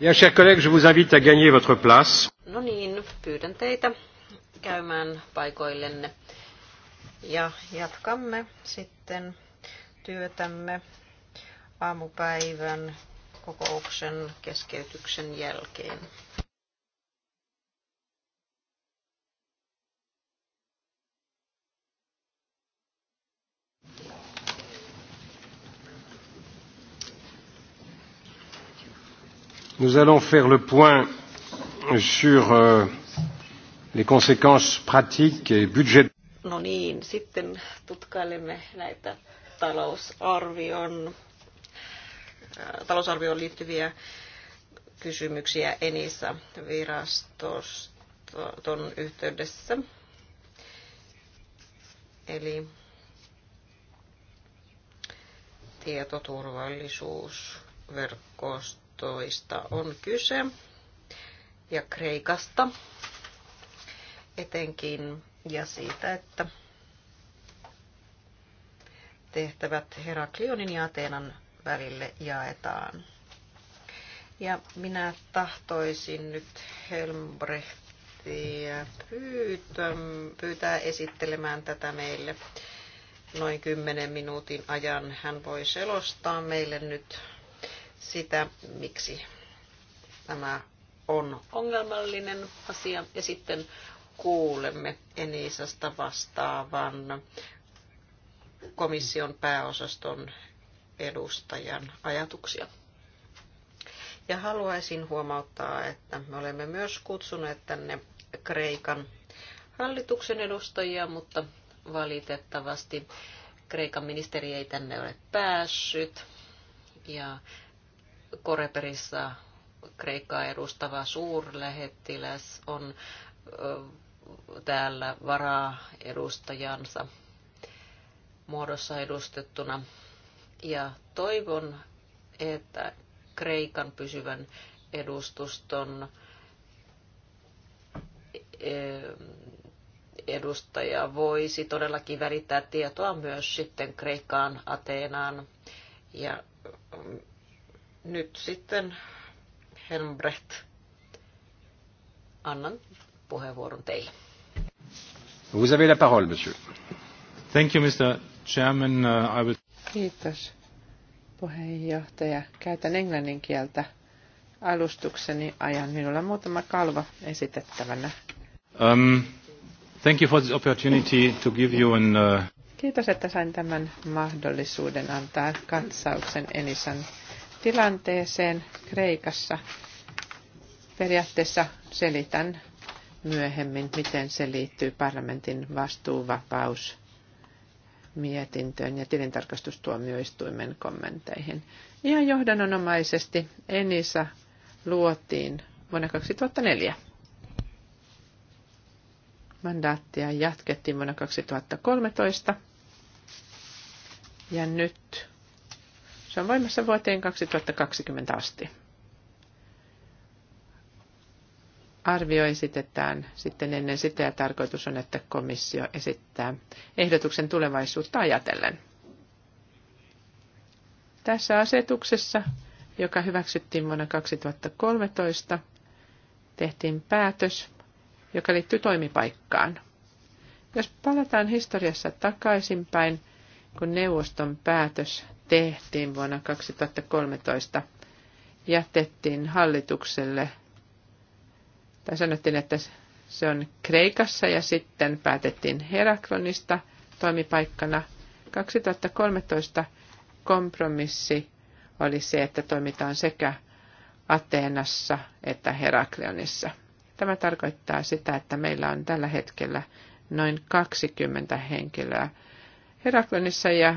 Ja, chers collègues, je vous invite à gagner votre place. No niin, pyydän teitä käymään paikoillenne. Ja jatkamme sitten työtämme aamupäivän kokouksen keskeytyksen jälkeen. Nous allons faire le point sur euh, les conséquences pratiques et budgétaires. No niin, sitten tutkailemme näitä talousarvion, äh, talousarvioon liittyviä kysymyksiä enissä viraston yhteydessä. Eli tietoturvallisuusverkosto 12 on kyse ja Kreikasta etenkin ja siitä, että tehtävät Heraklionin ja Ateenan välille jaetaan. Ja minä tahtoisin nyt Helmbrechtiä pyytää, pyytää esittelemään tätä meille noin 10 minuutin ajan. Hän voi selostaa meille nyt sitä, miksi tämä on ongelmallinen asia. Ja sitten kuulemme Enisasta vastaavan komission pääosaston edustajan ajatuksia. Ja haluaisin huomauttaa, että me olemme myös kutsuneet tänne Kreikan hallituksen edustajia, mutta valitettavasti Kreikan ministeri ei tänne ole päässyt. Ja Koreperissa Kreikkaa edustava suurlähettiläs on täällä varaa edustajansa muodossa edustettuna. Ja toivon, että Kreikan pysyvän edustuston edustaja voisi todellakin välittää tietoa myös sitten Kreikkaan, Ateenaan ja nyt sitten Helmbrecht, annan puheenvuoron teille. Vous avez la parole, monsieur. Thank you, Mr. Chairman. Uh, I will... Kiitos, puheenjohtaja. Käytän englannin kieltä alustukseni ajan. Minulla on muutama kalva esitettävänä. Um, thank you for this opportunity to give you an... Uh... Kiitos, että sain tämän mahdollisuuden antaa katsauksen Enisan tilanteeseen Kreikassa. Periaatteessa selitän myöhemmin, miten se liittyy parlamentin vastuuvapaus mietintöön ja tilintarkastustuomioistuimen kommenteihin. Ihan johdannonomaisesti Enisa luotiin vuonna 2004. Mandaattia jatkettiin vuonna 2013 ja nyt se on voimassa vuoteen 2020 asti. Arvio esitetään sitten ennen sitä ja tarkoitus on, että komissio esittää ehdotuksen tulevaisuutta ajatellen. Tässä asetuksessa, joka hyväksyttiin vuonna 2013, tehtiin päätös, joka liittyy toimipaikkaan. Jos palataan historiassa takaisinpäin, kun neuvoston päätös tehtiin vuonna 2013, jätettiin hallitukselle, tai sanottiin, että se on Kreikassa ja sitten päätettiin Herakronista toimipaikkana. 2013 kompromissi oli se, että toimitaan sekä Ateenassa että Heraklionissa. Tämä tarkoittaa sitä, että meillä on tällä hetkellä noin 20 henkilöä Heraklonissa ja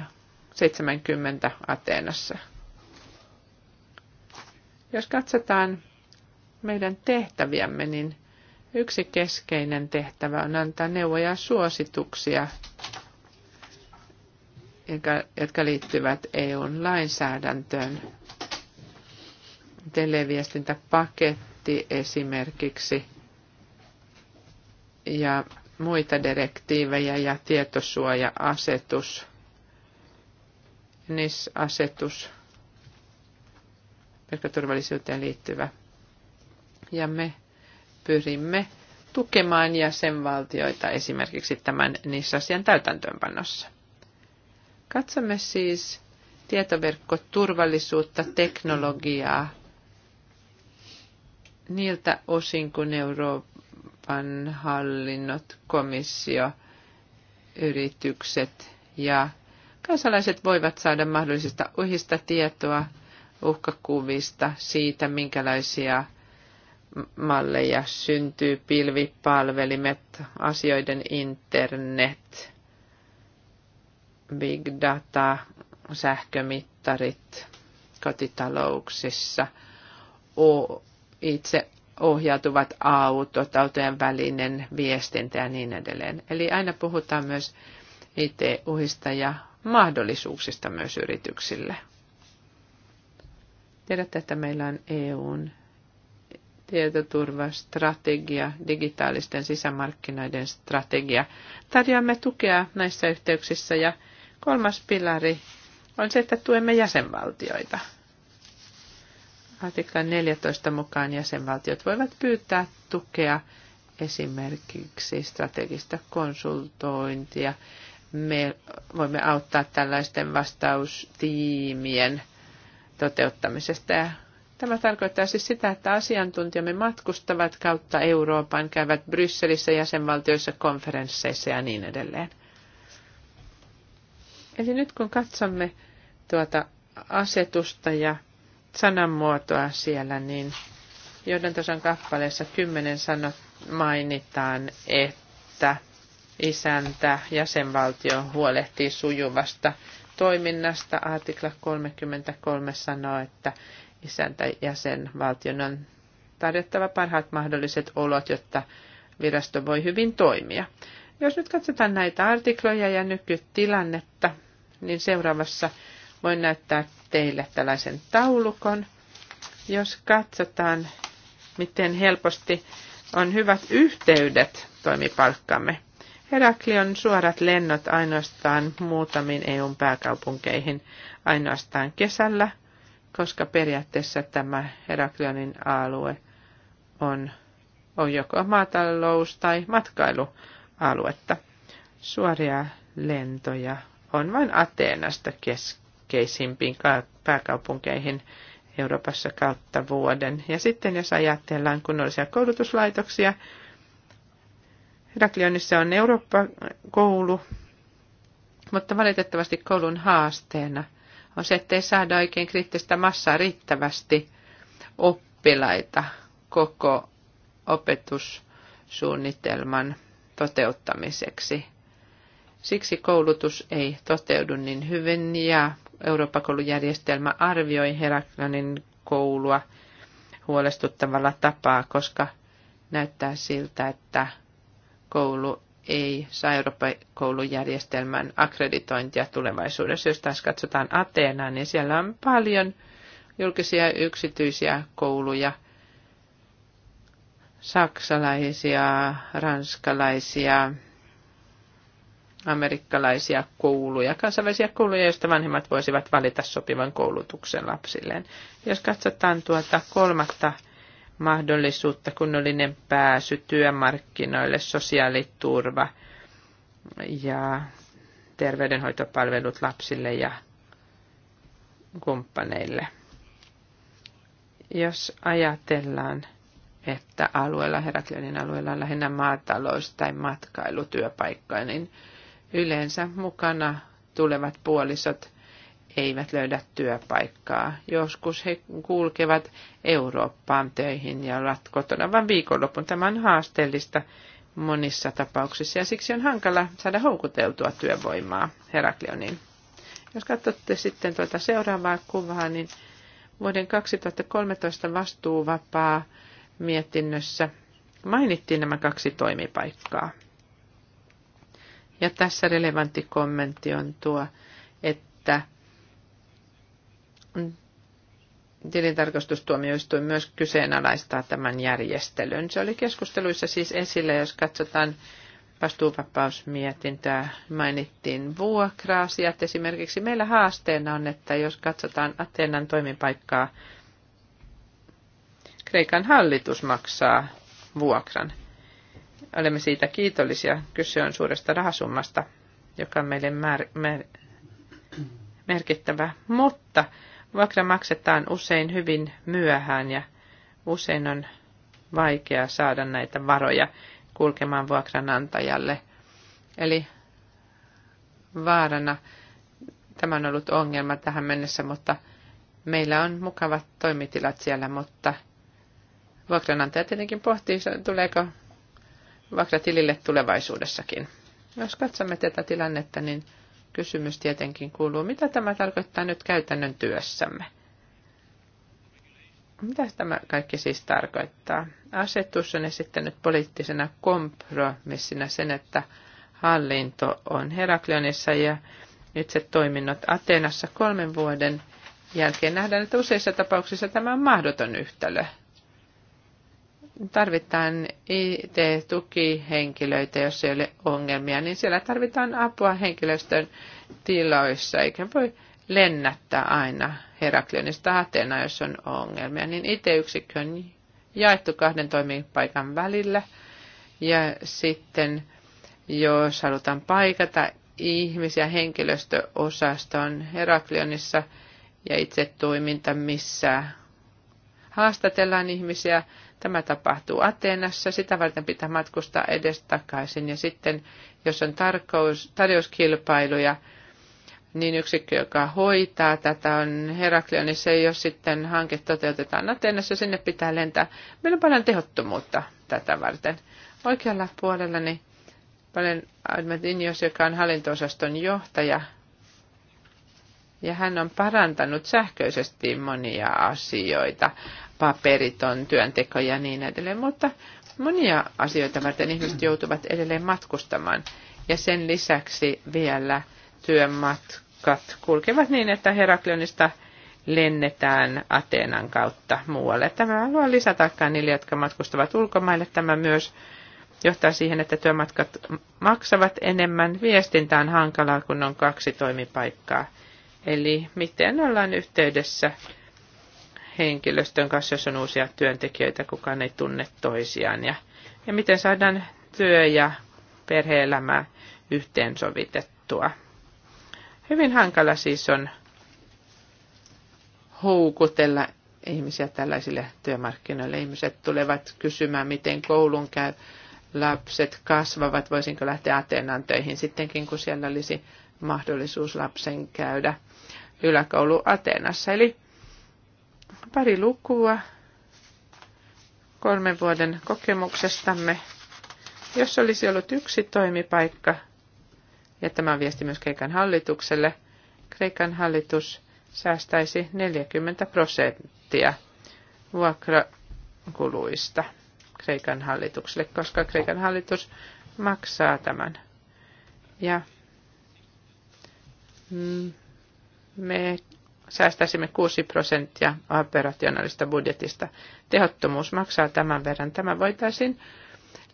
70 Ateenassa. Jos katsotaan meidän tehtäviämme, niin yksi keskeinen tehtävä on antaa neuvoja ja suosituksia, jotka liittyvät EUn lainsäädäntöön. Televiestintäpaketti esimerkiksi ja muita direktiivejä ja tietosuoja-asetus – NIS-asetus, e verkkoturvallisuuteen liittyvä. Ja me pyrimme tukemaan jäsenvaltioita esimerkiksi tämän NIS-asian e täytäntöönpanossa. Katsomme siis tietoverkkoturvallisuutta, teknologiaa niiltä osin, kuin Euroopan hallinnot, komissio, yritykset ja Kansalaiset voivat saada mahdollisista uhista tietoa, uhkakuvista, siitä minkälaisia malleja syntyy, pilvipalvelimet, asioiden internet, big data, sähkömittarit kotitalouksissa, itse ohjautuvat autot, autojen välinen viestintä ja niin edelleen. Eli aina puhutaan myös IT-uhista ja mahdollisuuksista myös yrityksille. Tiedätte, että meillä on EUn tietoturvastrategia, digitaalisten sisämarkkinoiden strategia. Tarjoamme tukea näissä yhteyksissä ja kolmas pilari on se, että tuemme jäsenvaltioita. Artiklan 14 mukaan jäsenvaltiot voivat pyytää tukea esimerkiksi strategista konsultointia me voimme auttaa tällaisten vastaustiimien toteuttamisesta. Ja tämä tarkoittaa siis sitä, että asiantuntijamme matkustavat kautta Euroopan, käyvät Brysselissä, jäsenvaltioissa, konferensseissa ja niin edelleen. Eli nyt kun katsomme tuota asetusta ja sananmuotoa siellä, niin johdantosan kappaleessa kymmenen sanot, mainitaan, että – isäntä jäsenvaltio huolehtii sujuvasta toiminnasta. Artikla 33 sanoo, että isäntä jäsenvaltion on tarjottava parhaat mahdolliset olot, jotta virasto voi hyvin toimia. Jos nyt katsotaan näitä artikloja ja nykytilannetta, niin seuraavassa voin näyttää teille tällaisen taulukon. Jos katsotaan, miten helposti on hyvät yhteydet toimipalkkamme Heraklion suorat lennot ainoastaan muutamiin EUn pääkaupunkeihin ainoastaan kesällä, koska periaatteessa tämä Heraklionin alue on, on joko maatalous- tai matkailualuetta. Suoria lentoja on vain Ateenasta keskeisimpiin pääkaupunkeihin Euroopassa kautta vuoden. Ja sitten jos ajatellaan kunnollisia koulutuslaitoksia, Heraklionissa on Eurooppa-koulu, mutta valitettavasti koulun haasteena on se, ettei saada oikein kriittistä massaa riittävästi oppilaita koko opetussuunnitelman toteuttamiseksi. Siksi koulutus ei toteudu niin hyvin ja Euroopan koulujärjestelmä arvioi Heraklionin koulua huolestuttavalla tapaa, koska näyttää siltä, että koulu ei saa Euroopan koulujärjestelmän akkreditointia tulevaisuudessa. Jos taas katsotaan Ateenaa, niin siellä on paljon julkisia ja yksityisiä kouluja, saksalaisia, ranskalaisia, amerikkalaisia kouluja, kansainvälisiä kouluja, joista vanhemmat voisivat valita sopivan koulutuksen lapsilleen. Jos katsotaan tuota kolmatta mahdollisuutta, kunnollinen pääsy työmarkkinoille, sosiaaliturva ja terveydenhoitopalvelut lapsille ja kumppaneille. Jos ajatellaan, että alueella, Heraklionin alueella on lähinnä maatalous- tai matkailutyöpaikkoja, niin yleensä mukana tulevat puolisot eivät löydä työpaikkaa. Joskus he kulkevat Eurooppaan töihin ja ovat kotona vain viikonlopun. Tämä on haasteellista monissa tapauksissa ja siksi on hankala saada houkuteltua työvoimaa Heraklionin. Jos katsotte sitten tuota seuraavaa kuvaa, niin vuoden 2013 vastuuvapaa mietinnössä mainittiin nämä kaksi toimipaikkaa. Ja tässä relevantti kommentti on tuo, että tilintarkastustuomioistuin myös kyseenalaistaa tämän järjestelyn. Se oli keskusteluissa siis esillä, jos katsotaan vastuuvapausmietintöä, mainittiin vuokra-asiat. Esimerkiksi meillä haasteena on, että jos katsotaan Atenan toimipaikkaa, Kreikan hallitus maksaa vuokran. Olemme siitä kiitollisia. Kyse on suuresta rahasummasta, joka on meille mer- mer- merkittävä. Mutta Vuokra maksetaan usein hyvin myöhään ja usein on vaikea saada näitä varoja kulkemaan vuokranantajalle. Eli vaarana tämä on ollut ongelma tähän mennessä, mutta meillä on mukavat toimitilat siellä, mutta vuokranantaja tietenkin pohtii, tuleeko vuokratilille tulevaisuudessakin. Jos katsomme tätä tilannetta, niin kysymys tietenkin kuuluu, mitä tämä tarkoittaa nyt käytännön työssämme? Mitä tämä kaikki siis tarkoittaa? Asetus on esittänyt poliittisena kompromissina sen, että hallinto on Heraklionissa ja itse toiminnot Ateenassa kolmen vuoden jälkeen nähdään, että useissa tapauksissa tämä on mahdoton yhtälö tarvitaan IT-tukihenkilöitä, jos ei ole ongelmia, niin siellä tarvitaan apua henkilöstön tiloissa, eikä voi lennättää aina Heraklionista Atena, jos on ongelmia, niin IT-yksikkö on jaettu kahden toimipaikan välillä, ja sitten jos halutaan paikata ihmisiä henkilöstöosastoon Heraklionissa ja itse toiminta, missä haastatellaan ihmisiä, Tämä tapahtuu Ateenassa, sitä varten pitää matkustaa edestakaisin ja sitten jos on tarkous, tarjouskilpailuja, niin yksikkö, joka hoitaa tätä on ei ole sitten hanke toteutetaan Ateenassa, sinne pitää lentää. Meillä on paljon tehottomuutta tätä varten. Oikealla puolellani niin paljon Admetinios, joka on hallintoosaston johtaja, ja hän on parantanut sähköisesti monia asioita paperiton työnteko ja niin edelleen, mutta monia asioita varten ihmiset joutuvat edelleen matkustamaan. Ja sen lisäksi vielä työmatkat kulkevat niin, että Heraklionista lennetään Ateenan kautta muualle. Tämä luo lisätaakkaa niille, jotka matkustavat ulkomaille. Tämä myös johtaa siihen, että työmatkat maksavat enemmän. Viestintä on hankalaa, kun on kaksi toimipaikkaa. Eli miten ollaan yhteydessä henkilöstön kanssa, jos on uusia työntekijöitä, kukaan ei tunne toisiaan. Ja, ja miten saadaan työ- ja perhe-elämää yhteensovitettua. Hyvin hankala siis on houkutella ihmisiä tällaisille työmarkkinoille. Ihmiset tulevat kysymään, miten koulun käy, lapset kasvavat, voisinko lähteä Ateenan töihin sittenkin, kun siellä olisi mahdollisuus lapsen käydä yläkoulu Ateenassa. Eli Pari lukua kolmen vuoden kokemuksestamme. Jos olisi ollut yksi toimipaikka, ja tämä viesti myös Kreikan hallitukselle, Kreikan hallitus säästäisi 40 prosenttia vuokrakuluista Kreikan hallitukselle, koska Kreikan hallitus maksaa tämän. Ja mm, me säästäisimme 6 prosenttia operationaalista budjetista. Tehottomuus maksaa tämän verran. Tämä voitaisiin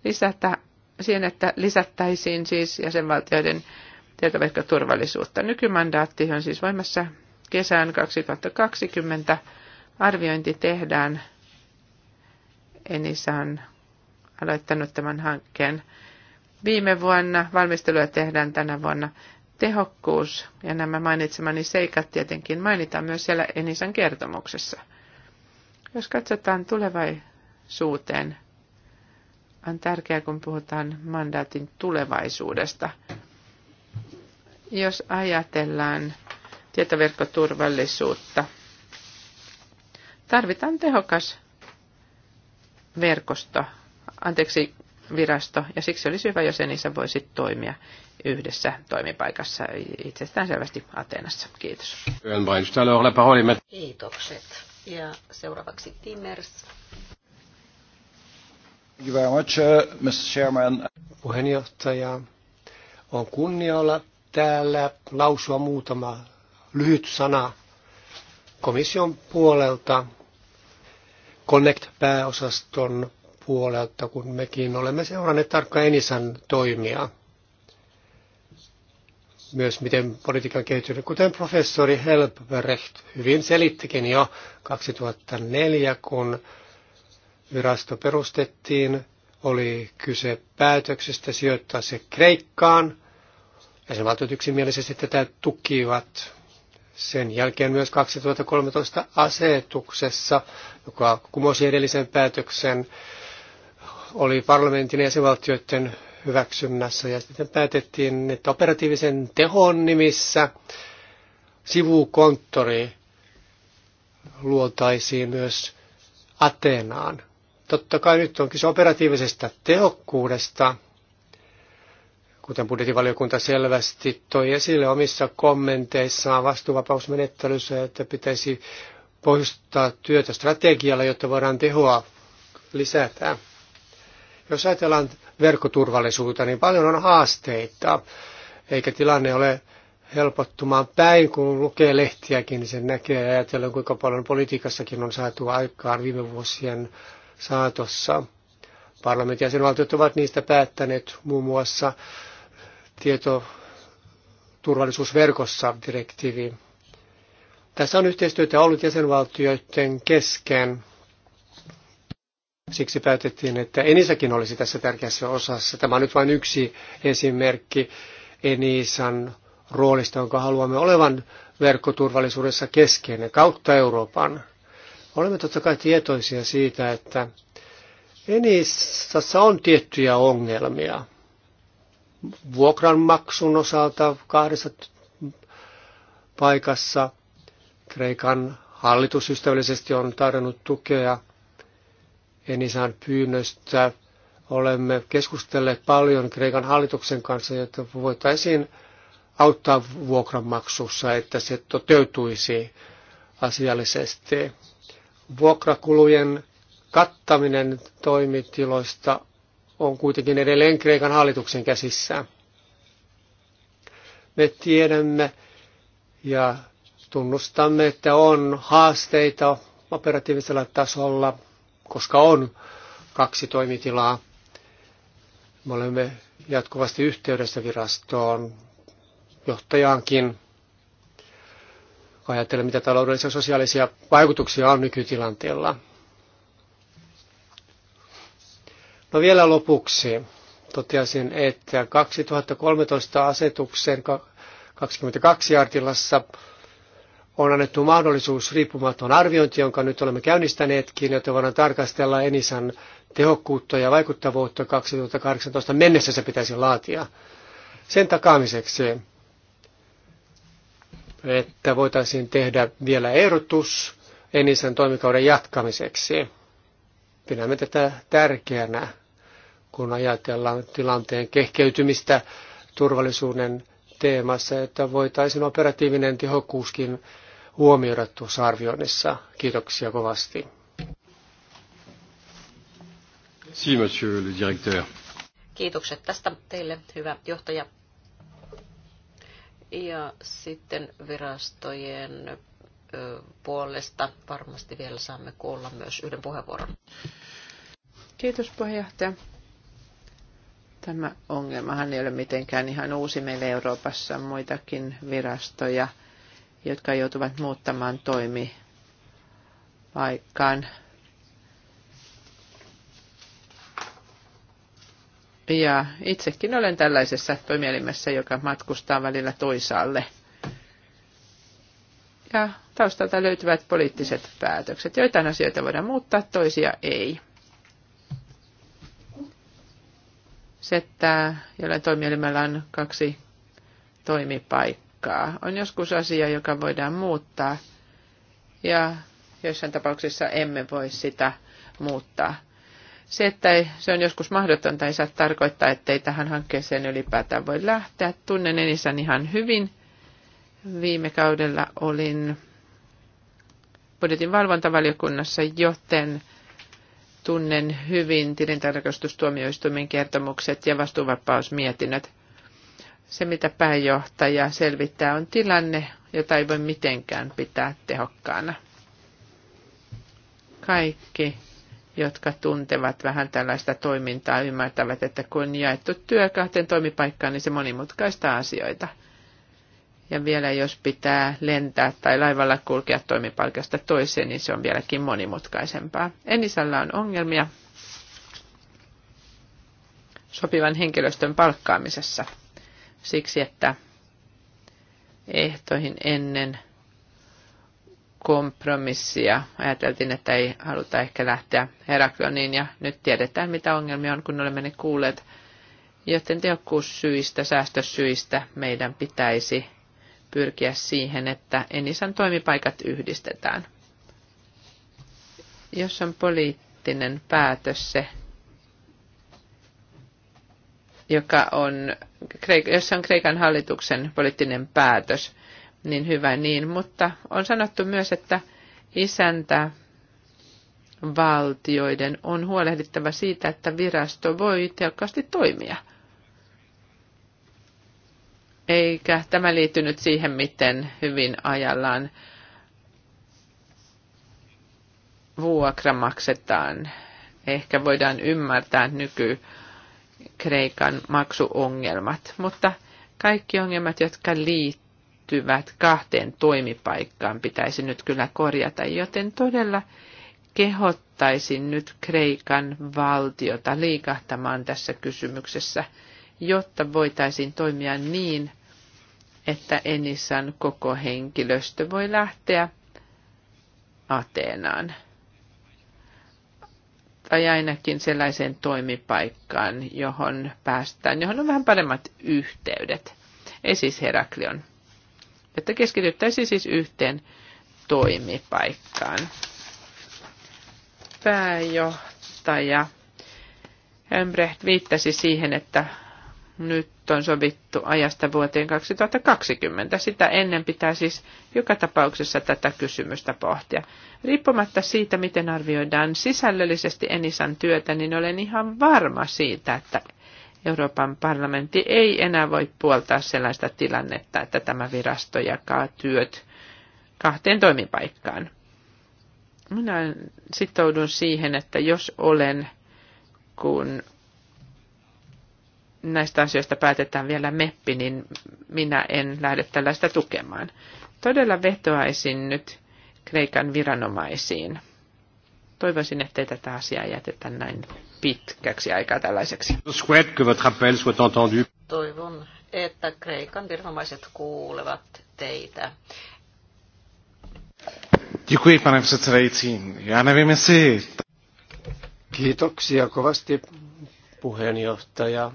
lisätä siihen, että lisättäisiin siis jäsenvaltioiden tietoverkkoturvallisuutta. Nykymandaatti on siis voimassa kesään 2020. Arviointi tehdään. Enisa on aloittanut tämän hankkeen. Viime vuonna valmistelua tehdään tänä vuonna tehokkuus ja nämä mainitsemani seikat tietenkin mainitaan myös siellä Enisan kertomuksessa. Jos katsotaan tulevaisuuteen, on tärkeää, kun puhutaan mandaatin tulevaisuudesta. Jos ajatellaan tietoverkkoturvallisuutta, tarvitaan tehokas verkosto, anteeksi, virasto, ja siksi olisi hyvä, jos Enisa voisi toimia yhdessä toimipaikassa itsestään selvästi Ateenassa. Kiitos. Kiitokset. Ja seuraavaksi Timmers. Uh, Puheenjohtaja, on kunnia olla täällä lausua muutama lyhyt sana komission puolelta Connect-pääosaston puolelta, kun mekin olemme seuranneet tarkkaan Enisan toimia. Myös miten politiikan kehittynyt, kuten professori Helbrecht hyvin selittikin jo 2004, kun virasto perustettiin, oli kyse päätöksestä sijoittaa se Kreikkaan. Jäsenvaltiot yksimielisesti tätä tukivat. Sen jälkeen myös 2013 asetuksessa, joka kumosi edellisen päätöksen, oli parlamentin ja jäsenvaltioiden hyväksynnässä ja sitten päätettiin, että operatiivisen tehon nimissä sivukonttori luotaisiin myös Ateenaan. Totta kai nyt on kyse operatiivisesta tehokkuudesta, kuten budjettivaliokunta selvästi toi esille omissa kommenteissaan vastuuvapausmenettelyssä, että pitäisi poistaa työtä strategialla, jotta voidaan tehoa lisätä. Jos ajatellaan verkkoturvallisuutta, niin paljon on haasteita, eikä tilanne ole helpottumaan päin, kun lukee lehtiäkin, niin sen näkee ja ajatellaan, kuinka paljon politiikassakin on saatu aikaan viime vuosien saatossa. Parlamentin jäsenvaltiot ovat niistä päättäneet muun muassa tietoturvallisuusverkossa direktiivi. Tässä on yhteistyötä ollut jäsenvaltioiden kesken Siksi päätettiin, että Enisäkin olisi tässä tärkeässä osassa. Tämä on nyt vain yksi esimerkki Enisan roolista, jonka haluamme olevan verkkoturvallisuudessa keskeinen kautta Euroopan. Olemme totta kai tietoisia siitä, että Enisassa on tiettyjä ongelmia. Vuokranmaksun osalta kahdessa paikassa Kreikan hallitus ystävällisesti on tarjonnut tukea Enisan pyynnöstä. Olemme keskustelleet paljon Kreikan hallituksen kanssa, jotta voitaisiin auttaa vuokranmaksussa, että se toteutuisi asiallisesti. Vuokrakulujen kattaminen toimitiloista on kuitenkin edelleen Kreikan hallituksen käsissä. Me tiedämme ja tunnustamme, että on haasteita operatiivisella tasolla koska on kaksi toimitilaa. Me olemme jatkuvasti yhteydessä virastoon, johtajaankin. Ajattelen, mitä taloudellisia ja sosiaalisia vaikutuksia on nykytilanteella. No vielä lopuksi toteaisin, että 2013 asetuksen 22 artilassa on annettu mahdollisuus riippumaton arviointi, jonka nyt olemme käynnistäneetkin, jotta voidaan tarkastella Enisan tehokkuutta ja vaikuttavuutta 2018 mennessä se pitäisi laatia. Sen takaamiseksi, että voitaisiin tehdä vielä ehdotus Enisan toimikauden jatkamiseksi. Pidämme tätä tärkeänä, kun ajatellaan tilanteen kehkeytymistä turvallisuuden teemassa, että voitaisiin operatiivinen tehokkuuskin huomioida tuossa arvioinnissa. Kiitoksia kovasti. Si, monsieur le directeur. Kiitokset tästä teille, hyvä johtaja. Ja sitten virastojen puolesta varmasti vielä saamme kuulla myös yhden puheenvuoron. Kiitos puheenjohtaja. Tämä ongelmahan ei ole mitenkään ihan uusi meillä Euroopassa. Muitakin virastoja – jotka joutuvat muuttamaan toimipaikkaan. Ja itsekin olen tällaisessa toimielimessä, joka matkustaa välillä toisaalle. Ja taustalta löytyvät poliittiset päätökset. Joitain asioita voidaan muuttaa, toisia ei. Se, että jollain toimielimellä on kaksi toimipaikkaa aikaa. On joskus asia, joka voidaan muuttaa ja joissain tapauksissa emme voi sitä muuttaa. Se, että ei, se on joskus mahdotonta, ei saa tarkoittaa, ettei tähän hankkeeseen ylipäätään voi lähteä. Tunnen Enisan ihan hyvin. Viime kaudella olin budjetin valvontavaliokunnassa, joten tunnen hyvin tilintarkastustuomioistuimen kertomukset ja vastuuvapausmietinnöt. Se, mitä pääjohtaja selvittää, on tilanne, jota ei voi mitenkään pitää tehokkaana. Kaikki, jotka tuntevat vähän tällaista toimintaa, ymmärtävät, että kun jaettu työ kahteen toimipaikkaan, niin se monimutkaista asioita. Ja vielä jos pitää lentää tai laivalla kulkea toimipaikasta toiseen, niin se on vieläkin monimutkaisempaa. Enisällä on ongelmia sopivan henkilöstön palkkaamisessa siksi, että ehtoihin ennen kompromissia ajateltiin, että ei haluta ehkä lähteä Heraklioniin ja nyt tiedetään, mitä ongelmia on, kun olemme ne kuulleet. Joten tehokkuussyistä, säästösyistä meidän pitäisi pyrkiä siihen, että Enisan toimipaikat yhdistetään. Jos on poliittinen päätös se, joka on, jossa on Kreikan hallituksen poliittinen päätös, niin hyvä niin. Mutta on sanottu myös, että isäntä valtioiden on huolehdittava siitä, että virasto voi tehokkaasti toimia. Eikä tämä liittynyt siihen, miten hyvin ajallaan vuokra maksetaan. Ehkä voidaan ymmärtää nyky Kreikan maksuongelmat, mutta kaikki ongelmat, jotka liittyvät kahteen toimipaikkaan, pitäisi nyt kyllä korjata, joten todella kehottaisin nyt Kreikan valtiota liikahtamaan tässä kysymyksessä, jotta voitaisiin toimia niin, että Enisan koko henkilöstö voi lähteä Ateenaan tai ainakin sellaiseen toimipaikkaan, johon päästään, johon on vähän paremmat yhteydet. Ei siis Heraklion. Että keskityttäisiin siis yhteen toimipaikkaan. Pääjohtaja Ömbrecht viittasi siihen, että nyt on sovittu ajasta vuoteen 2020. Sitä ennen pitää siis joka tapauksessa tätä kysymystä pohtia. Riippumatta siitä, miten arvioidaan sisällöllisesti Enisan työtä, niin olen ihan varma siitä, että Euroopan parlamentti ei enää voi puoltaa sellaista tilannetta, että tämä virasto jakaa työt kahteen toimipaikkaan. Minä sitoudun siihen, että jos olen, kun näistä asioista päätetään vielä MEPPI, niin minä en lähde tällaista tukemaan. Todella vetoaisin nyt Kreikan viranomaisiin. Toivoisin, ettei tätä asiaa jätetä näin pitkäksi aikaa tällaiseksi. Toivon, että Kreikan viranomaiset kuulevat teitä. Kiitoksia kovasti, puheenjohtaja.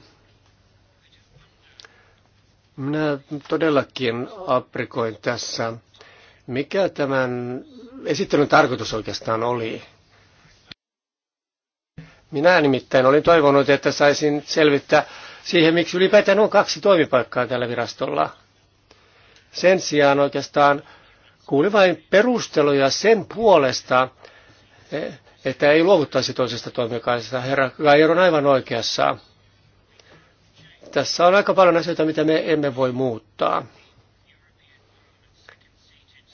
Minä todellakin aprikoin tässä, mikä tämän esittelyn tarkoitus oikeastaan oli. Minä nimittäin olin toivonut, että saisin selvittää siihen, miksi ylipäätään on kaksi toimipaikkaa tällä virastolla. Sen sijaan oikeastaan kuuli vain perusteluja sen puolesta, eh, että ei luovuttaisi toisesta toimipaikasta. Herra Gaier on aivan oikeassa. Tässä on aika paljon asioita, mitä me emme voi muuttaa.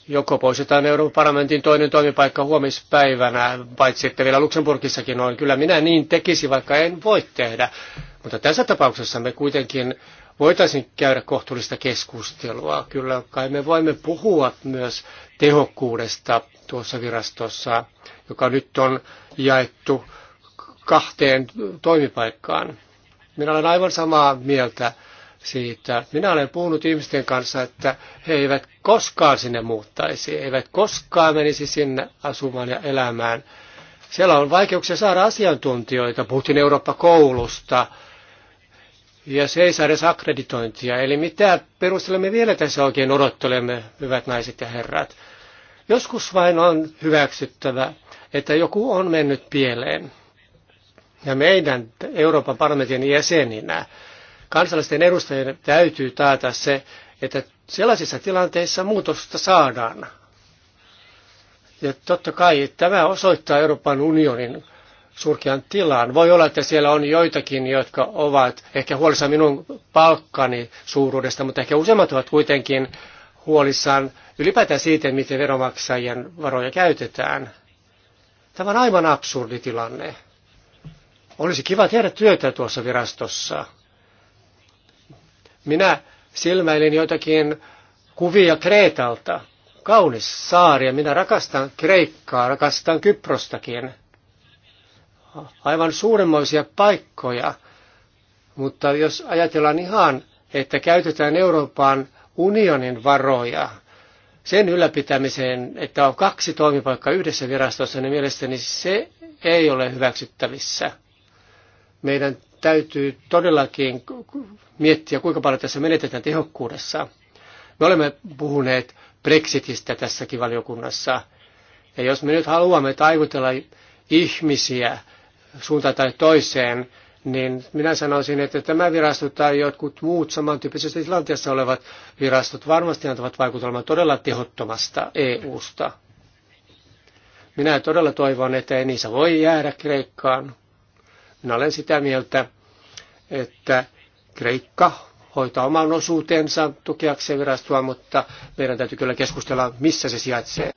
Joko poistetaan Euroopan parlamentin toinen toimipaikka huomispäivänä, paitsi että vielä Luxemburgissakin on. Kyllä minä niin tekisi, vaikka en voi tehdä. Mutta tässä tapauksessa me kuitenkin voitaisiin käydä kohtuullista keskustelua. Kyllä kai me voimme puhua myös tehokkuudesta tuossa virastossa, joka nyt on jaettu kahteen toimipaikkaan. Minä olen aivan samaa mieltä siitä. Minä olen puhunut ihmisten kanssa, että he eivät koskaan sinne muuttaisi, eivät koskaan menisi sinne asumaan ja elämään. Siellä on vaikeuksia saada asiantuntijoita. Puhuttiin Eurooppa-koulusta ja se ei saa edes akkreditointia. Eli mitä perustelemme vielä tässä oikein odottelemme, hyvät naiset ja herrat? Joskus vain on hyväksyttävä, että joku on mennyt pieleen. Ja meidän Euroopan parlamentin jäseninä kansallisten edustajien täytyy taata se, että sellaisissa tilanteissa muutosta saadaan. Ja totta kai tämä osoittaa Euroopan unionin surkean tilaan. Voi olla, että siellä on joitakin, jotka ovat ehkä huolissaan minun palkkani suuruudesta, mutta ehkä useimmat ovat kuitenkin huolissaan ylipäätään siitä, miten veromaksajien varoja käytetään. Tämä on aivan absurdi tilanne. Olisi kiva tehdä työtä tuossa virastossa. Minä silmäilin joitakin kuvia Kreetalta. Kaunis saari ja minä rakastan Kreikkaa, rakastan Kyprostakin. Aivan suuremmoisia paikkoja. Mutta jos ajatellaan ihan, että käytetään Euroopan unionin varoja sen ylläpitämiseen, että on kaksi toimipaikkaa yhdessä virastossa, niin mielestäni se ei ole hyväksyttävissä. Meidän täytyy todellakin miettiä, kuinka paljon tässä menetetään tehokkuudessa. Me olemme puhuneet Brexitistä tässäkin valiokunnassa. Ja jos me nyt haluamme taivutella ihmisiä suuntaan tai toiseen, niin minä sanoisin, että tämä virasto tai jotkut muut samantyyppisessä tilanteessa olevat virastot varmasti antavat vaikutelman todella tehottomasta EU-sta. Minä todella toivon, että Enisa voi jäädä Kreikkaan. Minä olen sitä mieltä, että Kreikka hoitaa oman osuutensa tukeakseen virastoa, mutta meidän täytyy kyllä keskustella, missä se sijaitsee.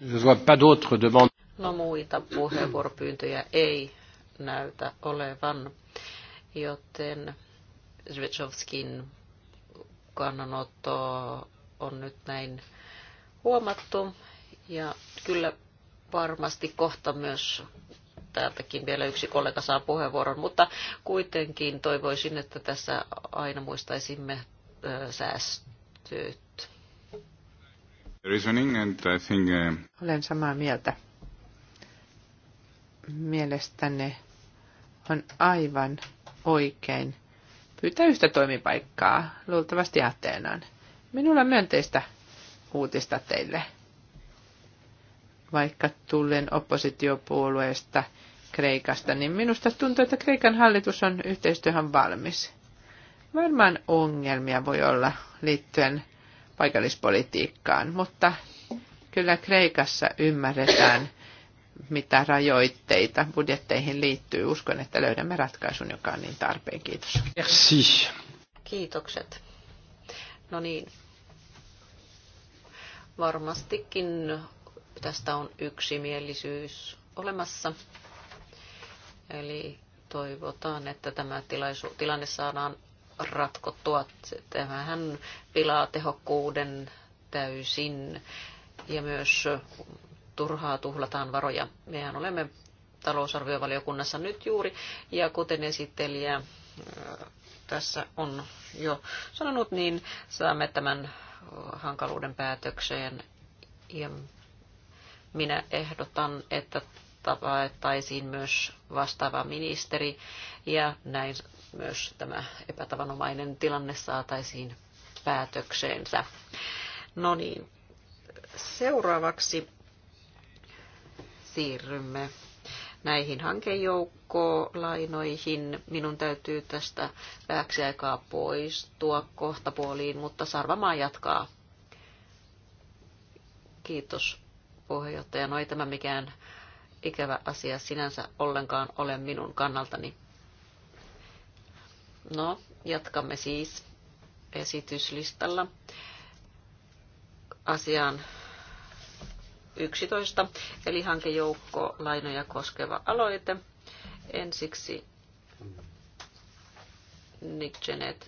No muita puheenvuoropyyntöjä ei näytä olevan, joten Zvechovskin kannanotto on nyt näin huomattu. Ja kyllä varmasti kohta myös täältäkin vielä yksi kollega saa puheenvuoron, mutta kuitenkin toivoisin, että tässä aina muistaisimme säästöt. Uh, Olen samaa mieltä. Mielestäni on aivan oikein pyytää yhtä toimipaikkaa, luultavasti Ateenaan. Minulla on myönteistä uutista teille vaikka tulen oppositiopuolueesta Kreikasta, niin minusta tuntuu, että Kreikan hallitus on yhteistyöhön valmis. Varmaan ongelmia voi olla liittyen paikallispolitiikkaan, mutta kyllä Kreikassa ymmärretään, mitä rajoitteita budjetteihin liittyy. Uskon, että löydämme ratkaisun, joka on niin tarpeen. Kiitos. Merci. Kiitokset. No niin. Varmastikin Tästä on yksimielisyys olemassa. Eli toivotaan, että tämä tilaisu, tilanne saadaan ratkottua. Tämähän pilaa tehokkuuden täysin ja myös turhaa tuhlataan varoja. Mehän olemme talousarviovaliokunnassa nyt juuri ja kuten esittelijä äh, tässä on jo sanonut, niin saamme tämän hankaluuden päätökseen ja minä ehdotan, että tavattaisiin myös vastaava ministeri ja näin myös tämä epätavanomainen tilanne saataisiin päätökseensä. No niin, seuraavaksi siirrymme näihin hankejoukkolainoihin. Minun täytyy tästä vähäksi aikaa poistua kohtapuoliin, mutta Sarvamaa jatkaa. Kiitos puheenjohtaja. No ei tämä mikään ikävä asia sinänsä ollenkaan ole minun kannaltani. No, jatkamme siis esityslistalla asiaan 11, eli hankejoukko lainoja koskeva aloite. Ensiksi Nick Jeanette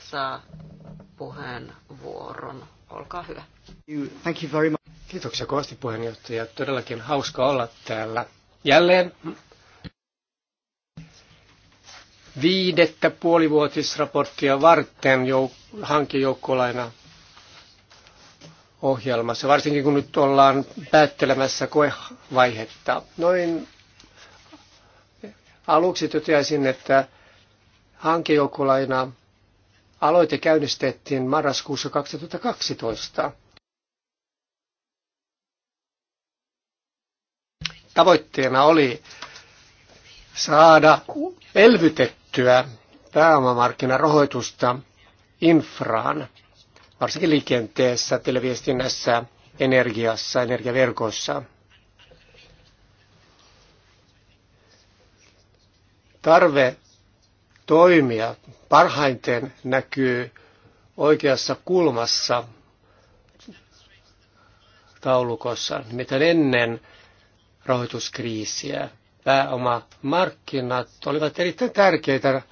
saa puheenvuoron. Olkaa hyvä. Thank you very much. Kiitoksia kovasti puheenjohtaja. Todellakin hauska olla täällä. Jälleen viidettä puolivuotisraporttia varten jouk- hankejoukkolaina ohjelmassa, varsinkin kun nyt ollaan päättelemässä koevaihetta. Noin aluksi toteaisin, että hankejoukkolaina aloite käynnistettiin marraskuussa 2012. tavoitteena oli saada elvytettyä pääomamarkkinarahoitusta infraan, varsinkin liikenteessä, televiestinnässä, energiassa, energiaverkossa. Tarve toimia parhaiten näkyy oikeassa kulmassa taulukossa, miten ennen rahoituskriisiä. markkinat olivat erittäin tärkeitä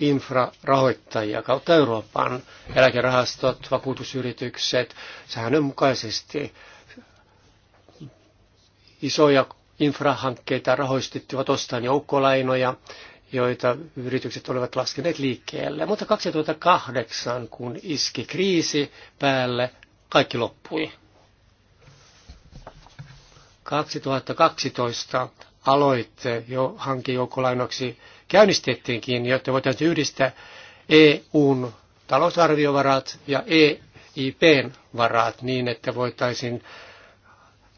infrarahoittajia kautta Euroopan. Eläkerahastot, vakuutusyritykset, säännönmukaisesti isoja infrahankkeita rahoistittivat ostaan joukkolainoja, joita yritykset olivat laskeneet liikkeelle. Mutta 2008, kun iski kriisi päälle, kaikki loppui. 2012 aloitte jo hankejoukkolainoiksi käynnistettiinkin, jotta voitaisiin yhdistää EUn talousarviovarat ja EIPn varat niin, että voitaisiin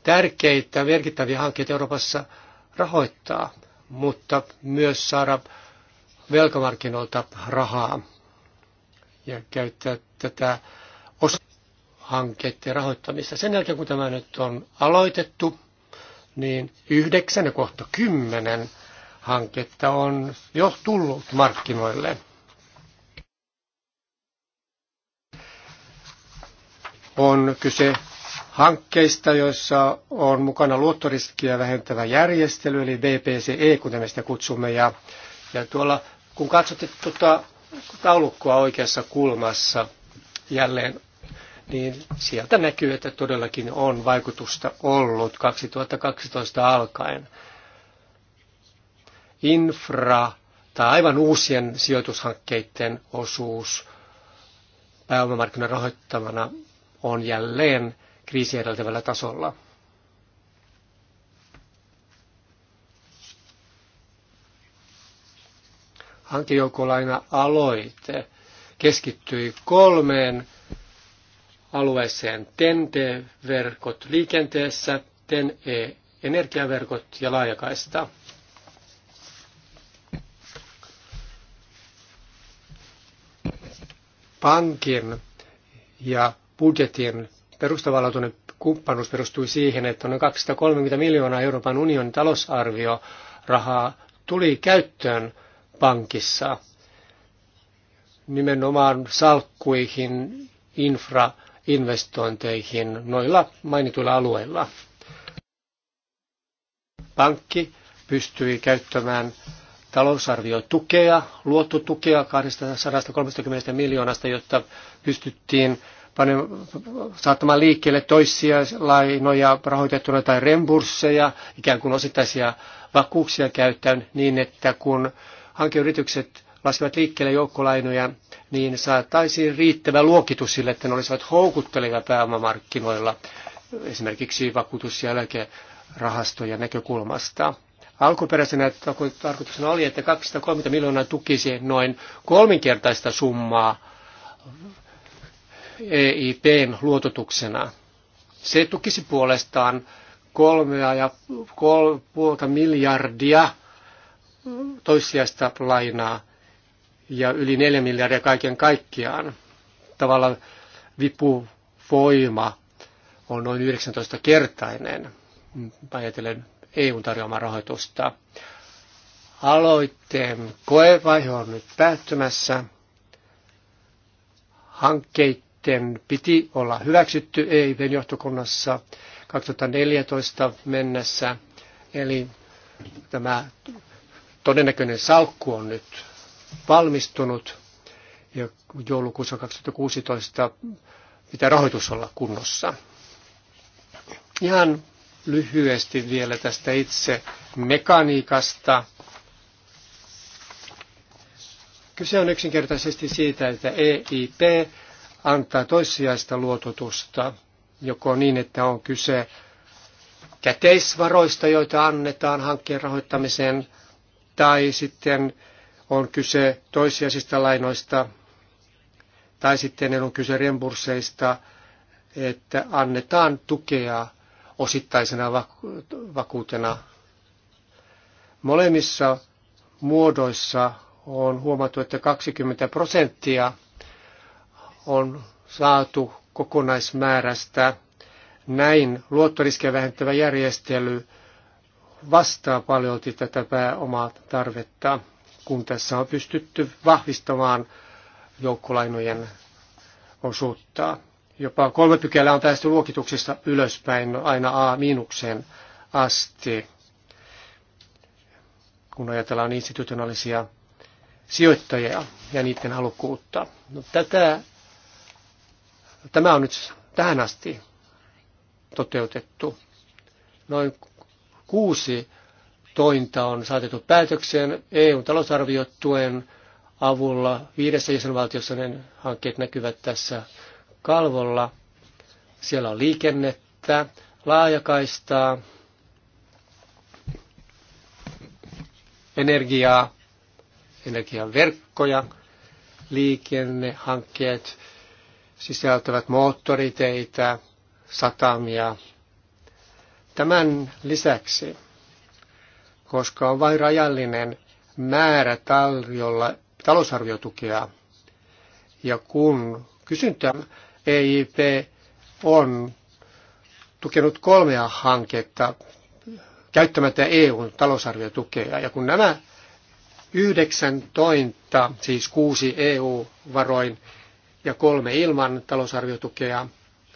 tärkeitä, merkittäviä hankkeita Euroopassa rahoittaa, mutta myös saada velkamarkkinoilta rahaa ja käyttää tätä osa hankkeiden rahoittamista. Sen jälkeen, kun tämä nyt on aloitettu, niin yhdeksän ja kohta kymmenen hanketta on jo tullut markkinoille. On kyse hankkeista, joissa on mukana luottoriskiä vähentävä järjestely, eli BPCE, kuten me sitä kutsumme. Ja, ja tuolla, kun katsotte tuota taulukkoa oikeassa kulmassa, jälleen niin sieltä näkyy, että todellakin on vaikutusta ollut 2012 alkaen. Infra tai aivan uusien sijoitushankkeiden osuus pääomamarkkinan rahoittamana on jälleen kriisi edeltävällä tasolla. Hankejoukolaina aloite keskittyi kolmeen alueeseen TEN-T-verkot liikenteessä, TEN-E-energiaverkot ja laajakaista. Pankin ja budjetin perustavanlaatuinen kumppanuus perustui siihen, että noin 230 miljoonaa Euroopan unionin talousarvio rahaa tuli käyttöön pankissa nimenomaan salkkuihin infra investointeihin noilla mainituilla alueilla. Pankki pystyi käyttämään talousarviotukea, luottotukea 230 miljoonasta, jotta pystyttiin saattamaan liikkeelle toisia lainoja rahoitettuna tai rembursseja, ikään kuin osittaisia vakuuksia käyttäen niin, että kun hankeyritykset laskevat liikkeelle joukkolainoja, niin saataisiin riittävä luokitus sille, että ne olisivat houkuttelevia pääomamarkkinoilla, esimerkiksi vakuutus- ja eläkerahastojen näkökulmasta. Alkuperäisenä tarkoituksena oli, että 230 miljoonaa tukisi noin kolminkertaista summaa EIPn luototuksena. Se tukisi puolestaan kolmea ja puolta miljardia toissijaista lainaa ja yli 4 miljardia kaiken kaikkiaan. Tavallaan vipuvoima on noin 19-kertainen, ajatellen EUn tarjoamaa rahoitusta. Aloitteen koevaihe on nyt päättymässä. Hankkeiden piti olla hyväksytty EIVn johtokunnassa 2014 mennessä, eli tämä todennäköinen salkku on nyt valmistunut ja joulukuussa 2016 pitää rahoitus olla kunnossa. Ihan lyhyesti vielä tästä itse mekaniikasta. Kyse on yksinkertaisesti siitä, että EIP antaa toissijaista luototusta, joko niin, että on kyse käteisvaroista, joita annetaan hankkeen rahoittamiseen, tai sitten on kyse toissijaisista lainoista tai sitten on kyse rembursseista, että annetaan tukea osittaisena vakuutena. Molemmissa muodoissa on huomattu, että 20 prosenttia on saatu kokonaismäärästä. Näin luottoriskejä vähentävä järjestely vastaa paljon tätä pääomaa tarvetta kun tässä on pystytty vahvistamaan joukkolainojen osuutta. Jopa kolme pykälää on päästy luokituksessa ylöspäin aina A-miinukseen asti, kun ajatellaan institutionaalisia sijoittajia ja niiden halukkuutta. No, tätä, tämä on nyt tähän asti toteutettu. Noin kuusi tointa on saatettu päätökseen EUn talousarviotuen avulla. Viidessä jäsenvaltiossa ne hankkeet näkyvät tässä kalvolla. Siellä on liikennettä, laajakaistaa, energiaa, energiaverkkoja, liikennehankkeet sisältävät moottoriteitä, satamia. Tämän lisäksi koska on vain rajallinen määrä tarjolla talousarviotukea. Ja kun kysyntä EIP on tukenut kolmea hanketta käyttämättä EUn talousarviotukea, ja kun nämä yhdeksän tointa, siis kuusi EU-varoin ja kolme ilman talousarviotukea,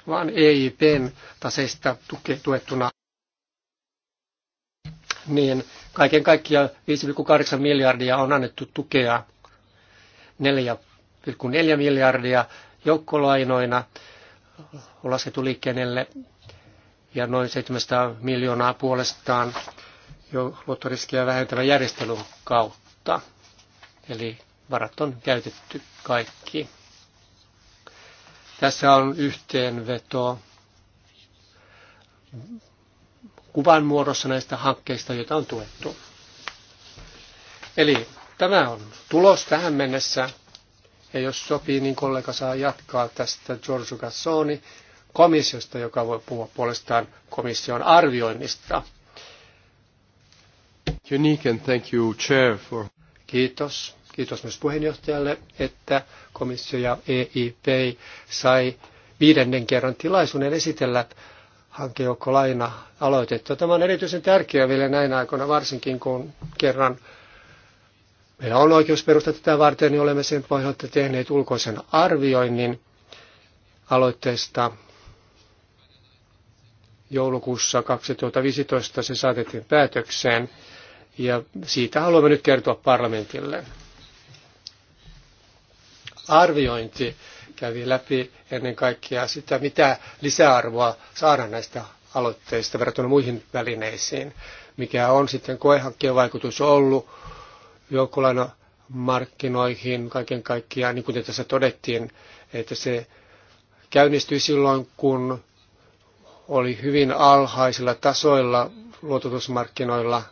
vaan EIPn taseista tuettuna, niin Kaiken kaikkiaan 5,8 miljardia on annettu tukea, 4,4 miljardia joukkolainoina on laskettu ja noin 700 miljoonaa puolestaan jo luottoriskiä vähentävän järjestelyn kautta. Eli varat on käytetty kaikki. Tässä on yhteenveto kuvan muodossa näistä hankkeista, joita on tuettu. Eli tämä on tulos tähän mennessä. Ja jos sopii, niin kollega saa jatkaa tästä Giorgio Gassoni komissiosta, joka voi puhua puolestaan komission arvioinnista. Unique and thank you, Chair, for... Kiitos. Kiitos myös puheenjohtajalle, että komissio ja EIP sai viidennen kerran tilaisuuden esitellä hankejoukkolaina aloitettu. Tämä on erityisen tärkeää vielä näinä aikoina, varsinkin kun kerran meillä on oikeusperusta tätä varten, niin olemme sen pohjalta tehneet ulkoisen arvioinnin aloitteesta joulukuussa 2015 se saatettiin päätökseen ja siitä haluamme nyt kertoa parlamentille. Arviointi kävi läpi ennen kaikkea sitä, mitä lisäarvoa saadaan näistä aloitteista verrattuna muihin välineisiin, mikä on sitten koehankkeen vaikutus ollut joukkolaina markkinoihin kaiken kaikkiaan, niin kuten tässä todettiin, että se käynnistyi silloin, kun oli hyvin alhaisilla tasoilla luototusmarkkinoilla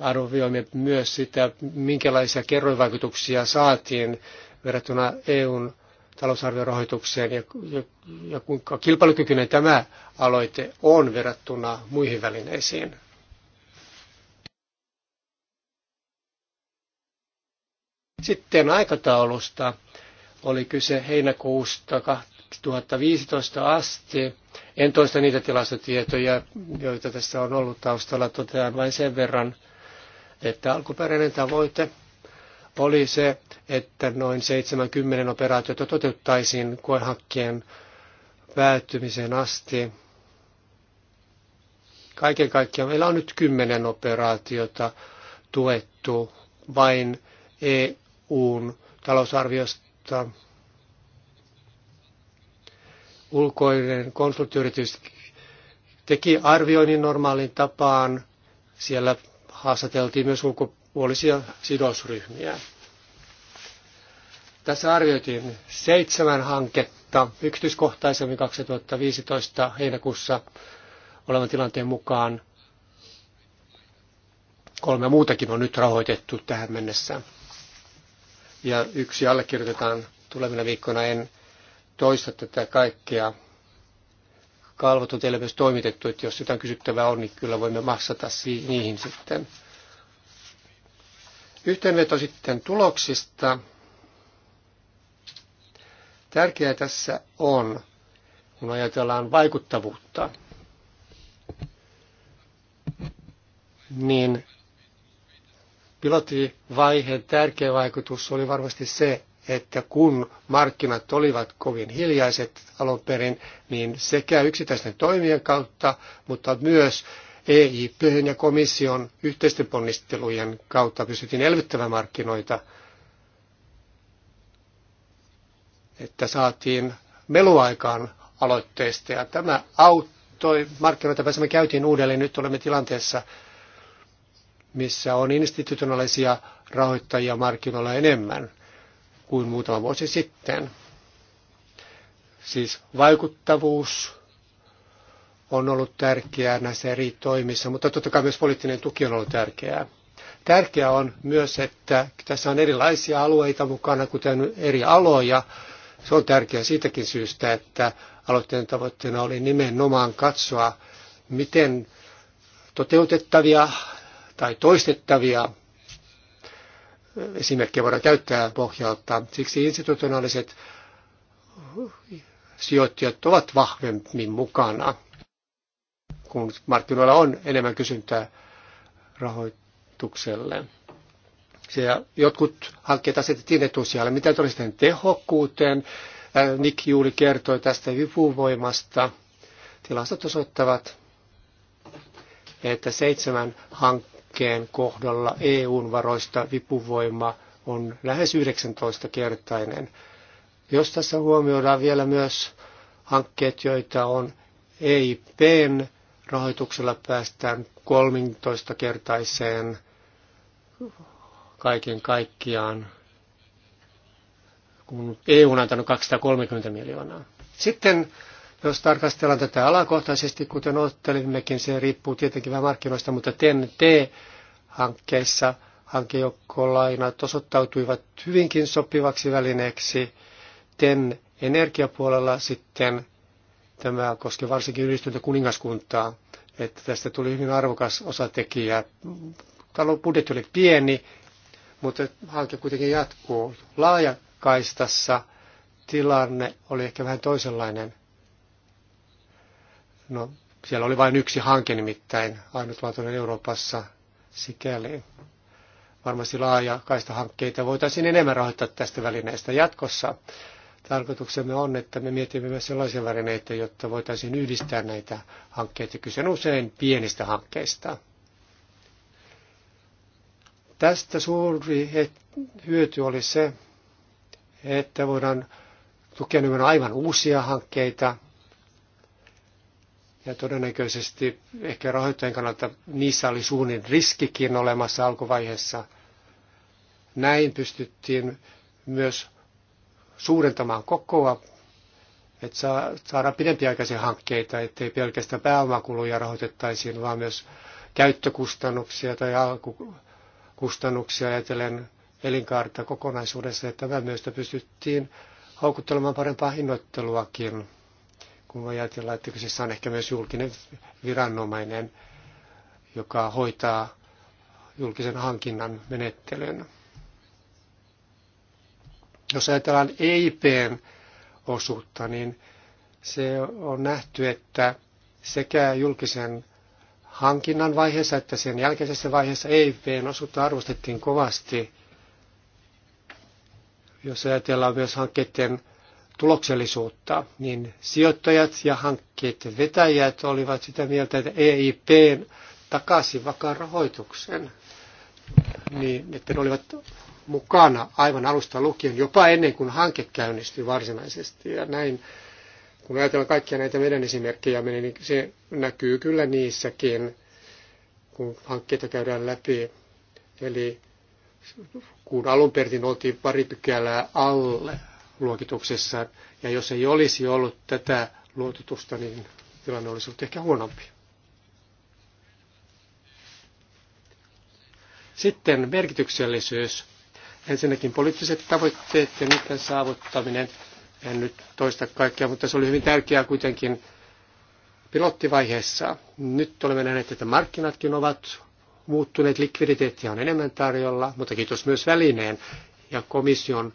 arvioimme myös sitä, minkälaisia kerroinvaikutuksia saatiin verrattuna EUn talousarviorahoitukseen ja, ja, ja kuinka kilpailukykyinen tämä aloite on verrattuna muihin välineisiin. Sitten aikataulusta oli kyse heinäkuusta 2015 asti. En toista niitä tilastotietoja, joita tässä on ollut taustalla, totean vain sen verran, että alkuperäinen tavoite oli se, että noin 70 operaatiota toteuttaisiin koehakkeen päättymiseen asti. Kaiken kaikkiaan meillä on nyt 10 operaatiota tuettu vain EUn talousarviosta. Ulkoinen konsulttiyritys teki arvioinnin normaalin tapaan. Siellä haastateltiin myös ulkopuolisia sidosryhmiä. Tässä arvioitiin seitsemän hanketta yksityiskohtaisemmin 2015 heinäkuussa olevan tilanteen mukaan. Kolme muutakin on nyt rahoitettu tähän mennessä. Ja yksi allekirjoitetaan tulevina viikkoina. En toista tätä kaikkea kalvot on teille myös toimitettu, että jos jotain kysyttävää on, niin kyllä voimme maksata niihin sitten. Yhteenveto sitten tuloksista. Tärkeää tässä on, kun ajatellaan vaikuttavuutta, niin pilottivaiheen tärkeä vaikutus oli varmasti se, että kun markkinat olivat kovin hiljaiset alun perin, niin sekä yksittäisten toimien kautta, mutta myös EIP ja komission yhteisten ponnistelujen kautta pystyttiin elvyttämään markkinoita, että saatiin meluaikaan aloitteesta ja tämä auttoi markkinoita pääsemme käytiin uudelleen. Nyt olemme tilanteessa, missä on institutionaalisia rahoittajia markkinoilla enemmän kuin muutama vuosi sitten. Siis vaikuttavuus on ollut tärkeää näissä eri toimissa, mutta totta kai myös poliittinen tuki on ollut tärkeää. Tärkeää on myös, että tässä on erilaisia alueita mukana, kuten eri aloja. Se on tärkeää siitäkin syystä, että aloitteen tavoitteena oli nimenomaan katsoa, miten toteutettavia tai toistettavia esimerkkejä voidaan käyttää pohjalta. Siksi institutionaaliset sijoittajat ovat vahvemmin mukana, kun markkinoilla on enemmän kysyntää rahoitukselle. Siellä jotkut hankkeet asetettiin etusijalle. Mitä tuli sitten tehokkuuteen? Nick Juuli kertoi tästä vipuvoimasta. Tilastot osoittavat, että seitsemän hankkeen liikkeen kohdalla EUn varoista vipuvoima on lähes 19-kertainen. Jos tässä huomioidaan vielä myös hankkeet, joita on EIPn rahoituksella päästään 13-kertaiseen kaiken kaikkiaan, kun EU on antanut 230 miljoonaa. Sitten jos tarkastellaan tätä alakohtaisesti, kuten ottelimmekin, se riippuu tietenkin vähän markkinoista, mutta TNT-hankkeissa hankejoukkolainat osoittautuivat hyvinkin sopivaksi välineeksi. TEN energiapuolella sitten tämä koski varsinkin yhdistyntä kuningaskuntaa, että tästä tuli hyvin arvokas osatekijä. Talon budjetti oli pieni, mutta hanke kuitenkin jatkuu. Laajakaistassa tilanne oli ehkä vähän toisenlainen. No, siellä oli vain yksi hanke nimittäin, ainutlaatuinen Euroopassa sikäli. Varmasti laaja kaista hankkeita voitaisiin enemmän rahoittaa tästä välineestä jatkossa. Tarkoituksemme on, että me mietimme myös sellaisia välineitä, jotta voitaisiin yhdistää näitä hankkeita. Kyse on usein pienistä hankkeista. Tästä suuri hyöty oli se, että voidaan tukea aivan uusia hankkeita – ja todennäköisesti ehkä rahoittajien kannalta niissä oli suunnin riskikin olemassa alkuvaiheessa. Näin pystyttiin myös suurentamaan kokoa, että saa saadaan pidempiaikaisia hankkeita, ettei pelkästään pääomakuluja rahoitettaisiin, vaan myös käyttökustannuksia tai alkukustannuksia ajatellen elinkaarta kokonaisuudessa. että tämä myös pystyttiin houkuttelemaan parempaa hinnoitteluakin kun voi ajatella, että kyseessä on ehkä myös julkinen viranomainen, joka hoitaa julkisen hankinnan menettelyn. Jos ajatellaan EIPn osuutta, niin se on nähty, että sekä julkisen hankinnan vaiheessa että sen jälkeisessä vaiheessa EIPn osuutta arvostettiin kovasti. Jos ajatellaan myös hankkeiden tuloksellisuutta, niin sijoittajat ja hankkeet vetäjät olivat sitä mieltä, että EIP takasi vakaan rahoituksen, niin että ne olivat mukana aivan alusta lukien, jopa ennen kuin hanke käynnistyi varsinaisesti. Ja näin, kun ajatellaan kaikkia näitä meidän esimerkkejä, niin se näkyy kyllä niissäkin, kun hankkeita käydään läpi. Eli kun alun perin oltiin pari pykälää alle luokituksessa. Ja jos ei olisi ollut tätä luototusta, niin tilanne olisi ollut ehkä huonompi. Sitten merkityksellisyys. Ensinnäkin poliittiset tavoitteet ja niiden saavuttaminen. En nyt toista kaikkea, mutta se oli hyvin tärkeää kuitenkin pilottivaiheessa. Nyt olemme nähneet, että markkinatkin ovat muuttuneet, likviditeettiä on enemmän tarjolla, mutta kiitos myös välineen ja komission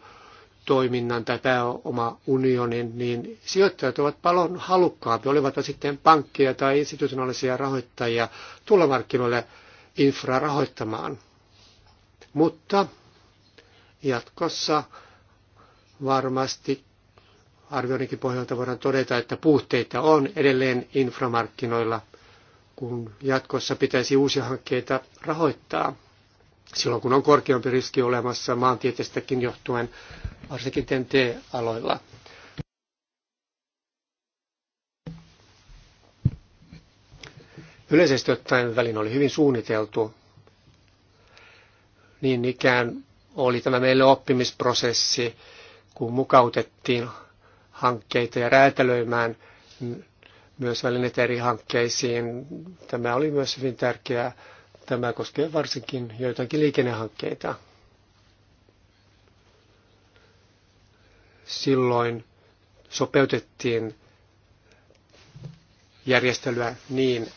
toiminnan tai pääomaunionin, niin sijoittajat ovat paljon halukkaampi, olivat sitten pankkeja tai institutionaalisia rahoittajia, tulla markkinoille infra rahoittamaan. Mutta jatkossa varmasti arvioinninkin pohjalta voidaan todeta, että puutteita on edelleen inframarkkinoilla, kun jatkossa pitäisi uusia hankkeita rahoittaa silloin kun on korkeampi riski olemassa maantieteestäkin johtuen, varsinkin TNT-aloilla. Yleisesti ottaen välin oli hyvin suunniteltu. Niin ikään oli tämä meille oppimisprosessi, kun mukautettiin hankkeita ja räätälöimään myös välineet eri hankkeisiin. Tämä oli myös hyvin tärkeää Tämä koskee varsinkin joitakin liikennehankkeita. Silloin sopeutettiin järjestelyä niin,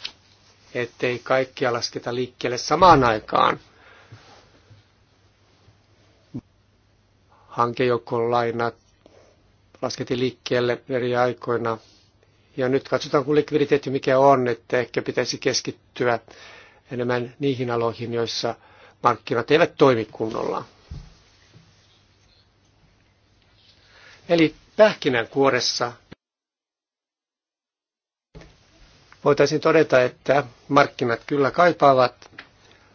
ettei kaikkia lasketa liikkeelle samaan aikaan. Hankejoukon lainat laskettiin liikkeelle eri aikoina. Ja nyt katsotaan, kun likviditeetti mikä on, että ehkä pitäisi keskittyä enemmän niihin aloihin, joissa markkinat eivät toimi kunnolla. Eli pähkinänkuoressa voitaisiin todeta, että markkinat kyllä kaipaavat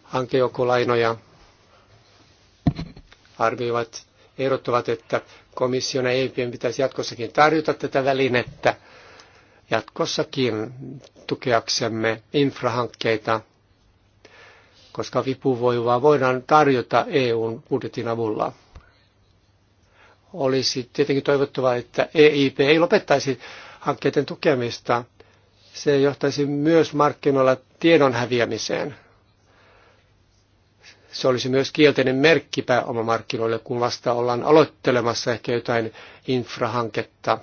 hankejoukolainoja. Arvioivat ehdottavat, että komission ja EIPien pitäisi jatkossakin tarjota tätä välinettä jatkossakin tukeaksemme infrahankkeita – koska vipuvoimaa voidaan tarjota EUn budjetin avulla. Olisi tietenkin toivottavaa, että EIP ei lopettaisi hankkeiden tukemista. Se johtaisi myös markkinoilla tiedon häviämiseen. Se olisi myös kielteinen merkki pääomamarkkinoille, kun vasta ollaan aloittelemassa ehkä jotain infrahanketta.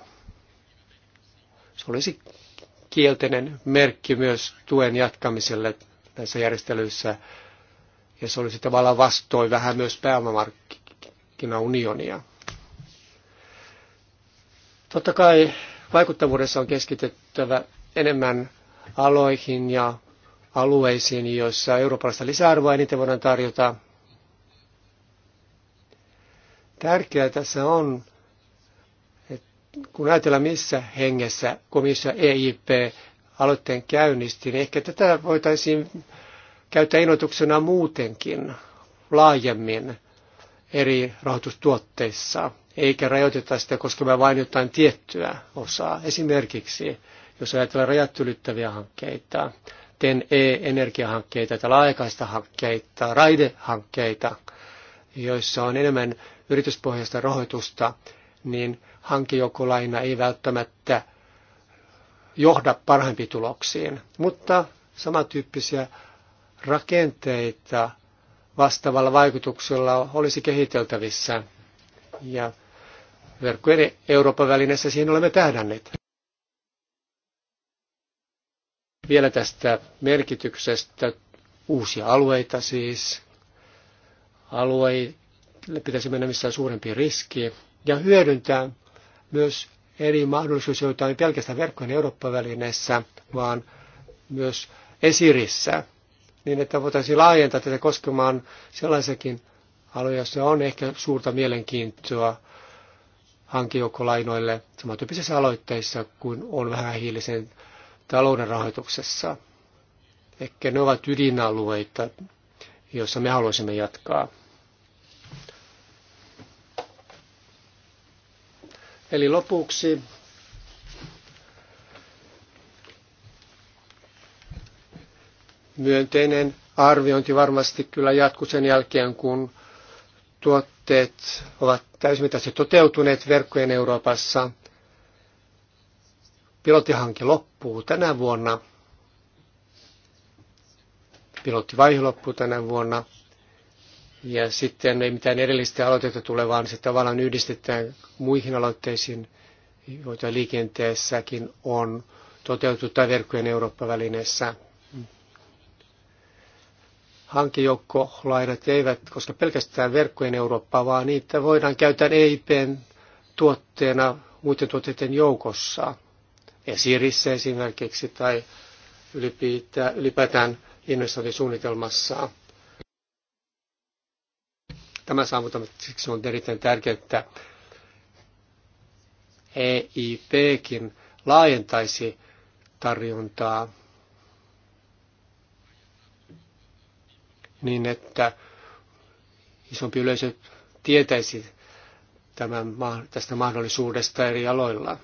Se olisi kielteinen merkki myös tuen jatkamiselle näissä järjestelyissä. Ja se olisi tavallaan vastoin vähän myös pääomamarkkinaunionia. Totta kai vaikuttavuudessa on keskityttävä enemmän aloihin ja alueisiin, joissa eurooppalaista lisäarvoa eniten voidaan tarjota. Tärkeää tässä on, että kun ajatellaan missä hengessä komissio EIP aloitteen käynnistin. Ehkä tätä voitaisiin käyttää innoituksena muutenkin laajemmin eri rahoitustuotteissa, eikä rajoiteta sitä koskemaan vain jotain tiettyä osaa. Esimerkiksi, jos ajatellaan rajat ylittäviä hankkeita, TEN-E-energiahankkeita tai laajakaista hankkeita, raidehankkeita, joissa on enemmän yrityspohjaista rahoitusta, niin hankejoukkolaina ei välttämättä johda parhaimpiin tuloksiin, mutta samantyyppisiä rakenteita vastaavalla vaikutuksella olisi kehiteltävissä. Ja verkkojen e- Euroopan välineessä siihen olemme tähdänneet. Vielä tästä merkityksestä uusia alueita siis. Alueille pitäisi mennä missään suurempi riski ja hyödyntää myös eri mahdollisuus, joita on pelkästään verkkojen Eurooppa-välineessä, vaan myös esirissä, niin että voitaisiin laajentaa tätä koskemaan sellaisakin aloja, joissa on ehkä suurta mielenkiintoa hankijoukkolainoille samantyyppisissä aloitteissa kuin on vähän hiilisen talouden rahoituksessa. Ehkä ne ovat ydinalueita, joissa me haluaisimme jatkaa. Eli lopuksi myönteinen arviointi varmasti kyllä jatkuu sen jälkeen, kun tuotteet ovat täysimittaisesti toteutuneet verkkojen Euroopassa. Pilottihanke loppuu tänä vuonna. Pilottivaihe loppuu tänä vuonna. Ja sitten ei mitään erillistä aloitetta tule, vaan se tavallaan yhdistetään muihin aloitteisiin, joita liikenteessäkin on toteutettu tai verkkojen Eurooppa-välineessä. Hankijoukkolaidat eivät koska pelkästään verkkojen Eurooppaa, vaan niitä voidaan käyttää EIPn tuotteena muiden tuotteiden joukossa. Esirissä esimerkiksi tai ylipäätään investointisuunnitelmassaan. Tämä saavutamiseksi on erittäin tärkeää, että EIPkin laajentaisi tarjontaa niin, että isompi yleisö tietäisi tämän, tästä mahdollisuudesta eri aloilla.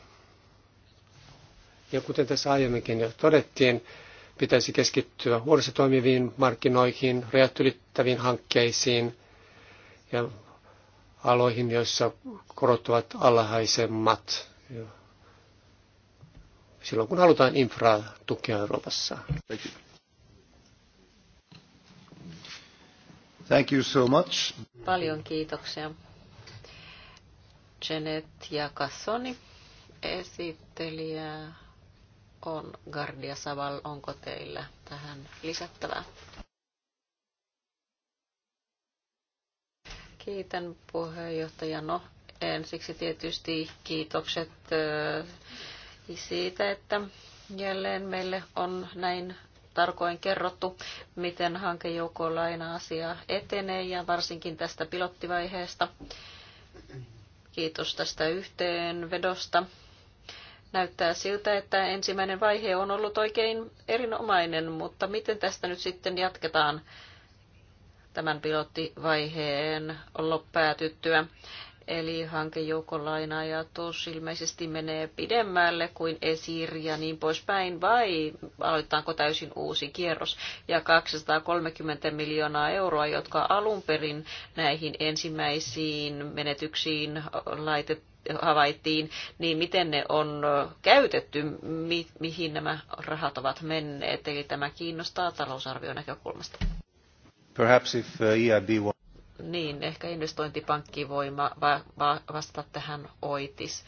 Ja kuten tässä aiemminkin jo todettiin, pitäisi keskittyä huolissa toimiviin markkinoihin, rajat ylittäviin hankkeisiin ja aloihin, joissa korot ovat alhaisemmat silloin, kun halutaan infraa tukea Euroopassa. Thank you so much. Paljon kiitoksia. Janet ja Kassoni esittelijä on Gardia Saval. Onko teillä tähän lisättävää? Kiitän puheenjohtaja. No, ensiksi tietysti kiitokset siitä, että jälleen meille on näin tarkoin kerrottu, miten hankejoukolla aina asia etenee ja varsinkin tästä pilottivaiheesta. Kiitos tästä yhteenvedosta. Näyttää siltä, että ensimmäinen vaihe on ollut oikein erinomainen, mutta miten tästä nyt sitten jatketaan? tämän pilottivaiheen loppäätyttyä. Eli tos ilmeisesti menee pidemmälle kuin esir ja niin poispäin, vai aloitetaanko täysin uusi kierros? Ja 230 miljoonaa euroa, jotka alun perin näihin ensimmäisiin menetyksiin laitettiin, havaittiin, niin miten ne on käytetty, mi- mihin nämä rahat ovat menneet. Eli tämä kiinnostaa talousarvion näkökulmasta. Perhaps if uh, EIB wants niin, ehkä investointipankki voi va- va- vastata tähän OITIS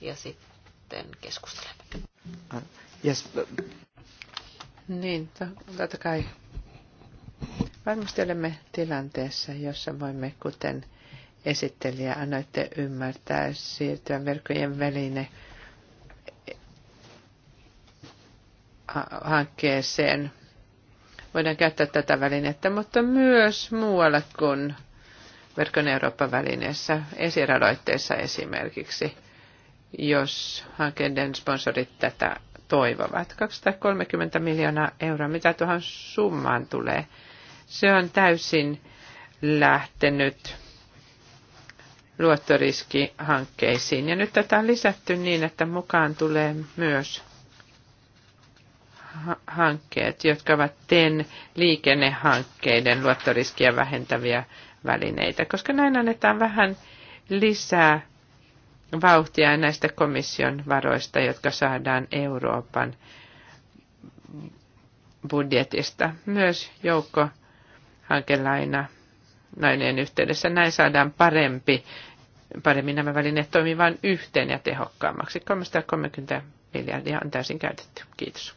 ja sitten keskustelemme. Uh, yes. Niin, totta kai. Varmasti tilanteessa, jossa voimme, kuten esittelijä annoitte ymmärtää, siirtyä verkkojen väline hankkeeseen voidaan käyttää tätä välinettä, mutta myös muualle kuin verkon Eurooppa-välineessä, esiradoitteissa esimerkiksi, jos hankkeiden sponsorit tätä toivovat. 230 miljoonaa euroa, mitä tuohon summaan tulee. Se on täysin lähtenyt luottoriskihankkeisiin. Ja nyt tätä on lisätty niin, että mukaan tulee myös hankkeet, jotka ovat TEN liikennehankkeiden luottoriskiä vähentäviä välineitä, koska näin annetaan vähän lisää vauhtia näistä komission varoista, jotka saadaan Euroopan budjetista. Myös joukko hankelaina nainen yhteydessä. Näin saadaan parempi, paremmin nämä välineet toimivat yhteen ja tehokkaammaksi. 330 miljardia on täysin käytetty. Kiitos.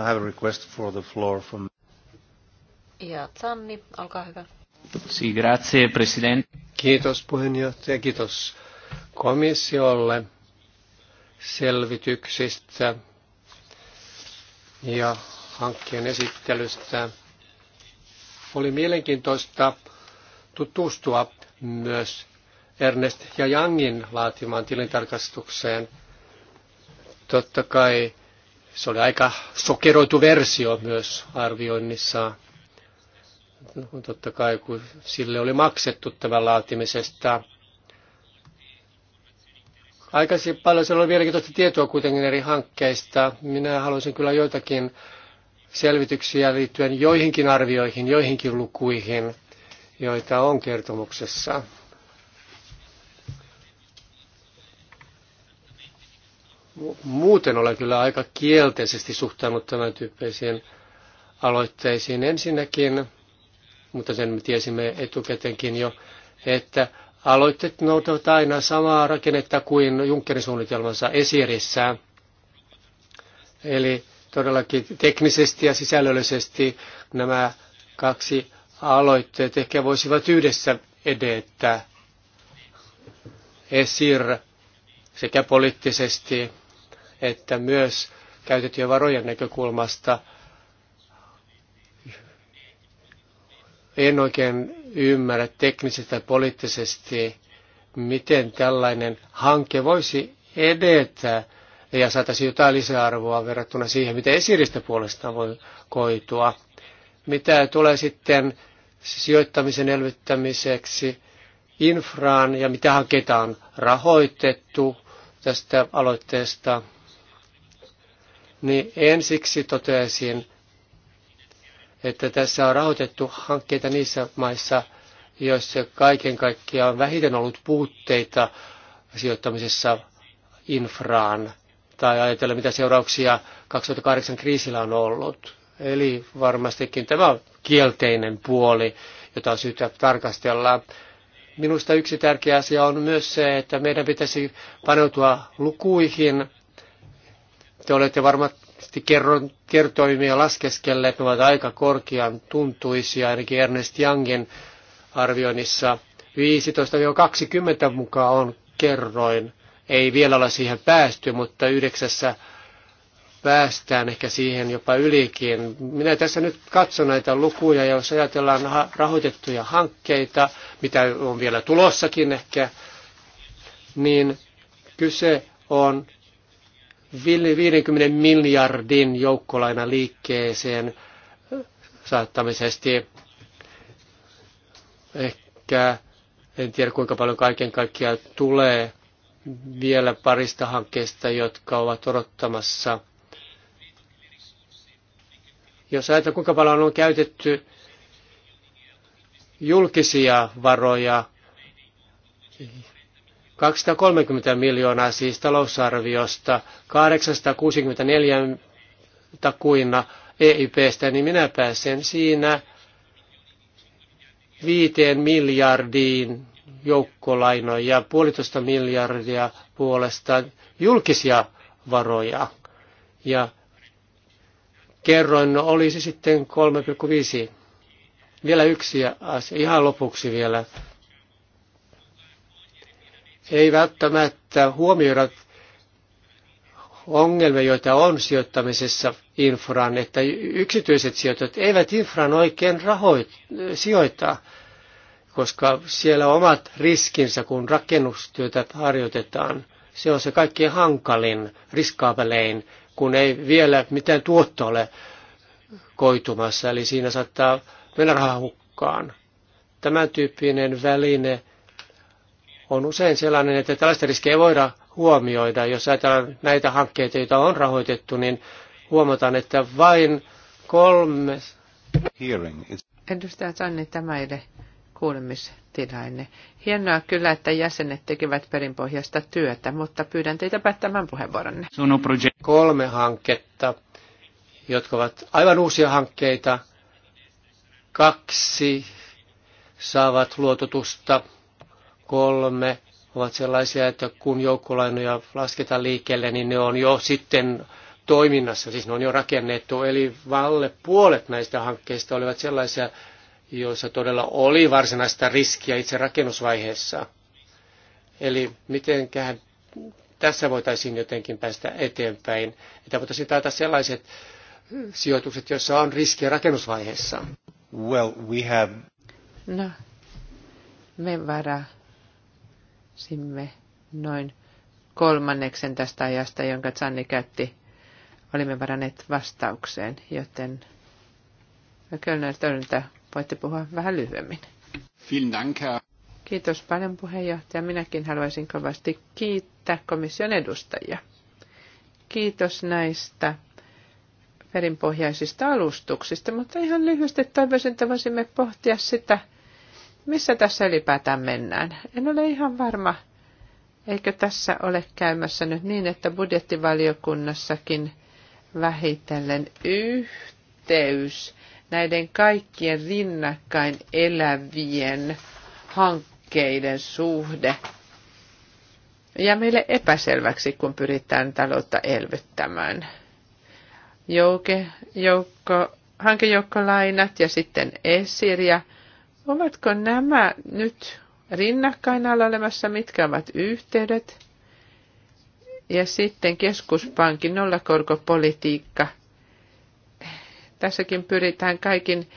I have a request for the floor from... Ja Zanni, olkaa hyvä. Si, grazie, president. Kiitos puheenjohtaja, kiitos komissiolle selvityksistä ja hankkeen esittelystä. Oli mielenkiintoista tutustua myös Ernest ja Jangin laatimaan tilintarkastukseen. Totta kai se oli aika sokeroitu versio myös arvioinnissa. No, totta kai, kun sille oli maksettu tämän laatimisesta. Aikaisin paljon siellä oli mielenkiintoista tietoa kuitenkin eri hankkeista. Minä haluaisin kyllä joitakin selvityksiä liittyen joihinkin arvioihin, joihinkin lukuihin, joita on kertomuksessa. muuten olen kyllä aika kielteisesti suhtautunut tämän tyyppisiin aloitteisiin ensinnäkin, mutta sen me tiesimme etukäteenkin jo, että aloitteet noudattavat aina samaa rakennetta kuin Junckerin suunnitelmansa esirissään, Eli todellakin teknisesti ja sisällöllisesti nämä kaksi aloitteet ehkä voisivat yhdessä edetä. Esir sekä poliittisesti että myös käytettyjen varojen näkökulmasta en oikein ymmärrä teknisesti tai poliittisesti, miten tällainen hanke voisi edetä ja saataisiin jotain lisäarvoa verrattuna siihen, miten esiristä puolestaan voi koitua. Mitä tulee sitten sijoittamisen elvyttämiseksi infraan ja mitä hankkeita on rahoitettu tästä aloitteesta – niin ensiksi toteaisin, että tässä on rahoitettu hankkeita niissä maissa, joissa kaiken kaikkiaan on vähiten ollut puutteita sijoittamisessa infraan tai ajatella, mitä seurauksia 2008 kriisillä on ollut. Eli varmastikin tämä on kielteinen puoli, jota on syytä tarkastella. Minusta yksi tärkeä asia on myös se, että meidän pitäisi paneutua lukuihin te olette varmasti kerron, kertoimia laskeskelleet, ne ovat aika korkean tuntuisia, ainakin Ernest Youngin arvioinnissa 15-20 mukaan on kerroin. Ei vielä ole siihen päästy, mutta yhdeksässä päästään ehkä siihen jopa ylikin. Minä tässä nyt katson näitä lukuja, ja jos ajatellaan rahoitettuja hankkeita, mitä on vielä tulossakin ehkä, niin kyse on 50 miljardin joukkolaina liikkeeseen saattamisesti. Ehkä en tiedä kuinka paljon kaiken kaikkiaan tulee vielä parista hankkeesta, jotka ovat odottamassa. Jos ajatellaan, kuinka paljon on käytetty julkisia varoja 230 miljoonaa siis talousarviosta, 864 takuina EIPstä, niin minä pääsen siinä viiteen miljardiin joukkolainoja, puolitoista miljardia puolestaan julkisia varoja. Ja kerroin, olisi sitten 3,5. Vielä yksi asia, ihan lopuksi vielä ei välttämättä huomioida ongelmia, joita on sijoittamisessa infraan, että yksityiset sijoittajat eivät infraan oikein rahoit, sijoittaa, koska siellä on omat riskinsä, kun rakennustyötä harjoitetaan. Se on se kaikkein hankalin, riskaapelein, kun ei vielä mitään tuotto ole koitumassa, eli siinä saattaa mennä rahaa hukkaan. Tämän tyyppinen väline on usein sellainen, että tällaista riskejä ei voida huomioida. Jos ajatellaan näitä hankkeita, joita on rahoitettu, niin huomataan, että vain kolme... Edustaja Sanni, tämä ei ole kuulemistilainen. Hienoa kyllä, että jäsenet tekevät perinpohjaista työtä, mutta pyydän teitä päättämään puheenvuoronne. Kolme hanketta, jotka ovat aivan uusia hankkeita. Kaksi saavat luototusta kolme ovat sellaisia, että kun joukkolainoja lasketaan liikkeelle, niin ne on jo sitten toiminnassa, siis ne on jo rakennettu. Eli valle puolet näistä hankkeista olivat sellaisia, joissa todella oli varsinaista riskiä itse rakennusvaiheessa. Eli mitenköhän tässä voitaisiin jotenkin päästä eteenpäin, että voitaisiin taata sellaiset sijoitukset, joissa on riskiä rakennusvaiheessa. Well, we have... No, me varaa simme noin kolmanneksen tästä ajasta, jonka Sanni käytti, olimme varanneet vastaukseen, joten Kölner Törntä, voitte puhua vähän lyhyemmin. Kiitos paljon puheenjohtaja. Minäkin haluaisin kovasti kiittää komission edustajia. Kiitos näistä perinpohjaisista alustuksista, mutta ihan lyhyesti toivoisin, että voisimme pohtia sitä, missä tässä ylipäätään mennään? En ole ihan varma, eikö tässä ole käymässä nyt niin, että budjettivaliokunnassakin vähitellen yhteys näiden kaikkien rinnakkain elävien hankkeiden suhde ja meille epäselväksi, kun pyritään taloutta elvyttämään. Jouke, joukko, hankejoukkolainat ja sitten esir ja Ovatko nämä nyt rinnakkain alla olemassa, mitkä ovat yhteydet? Ja sitten keskuspankin nollakorkopolitiikka. Tässäkin pyritään kaikin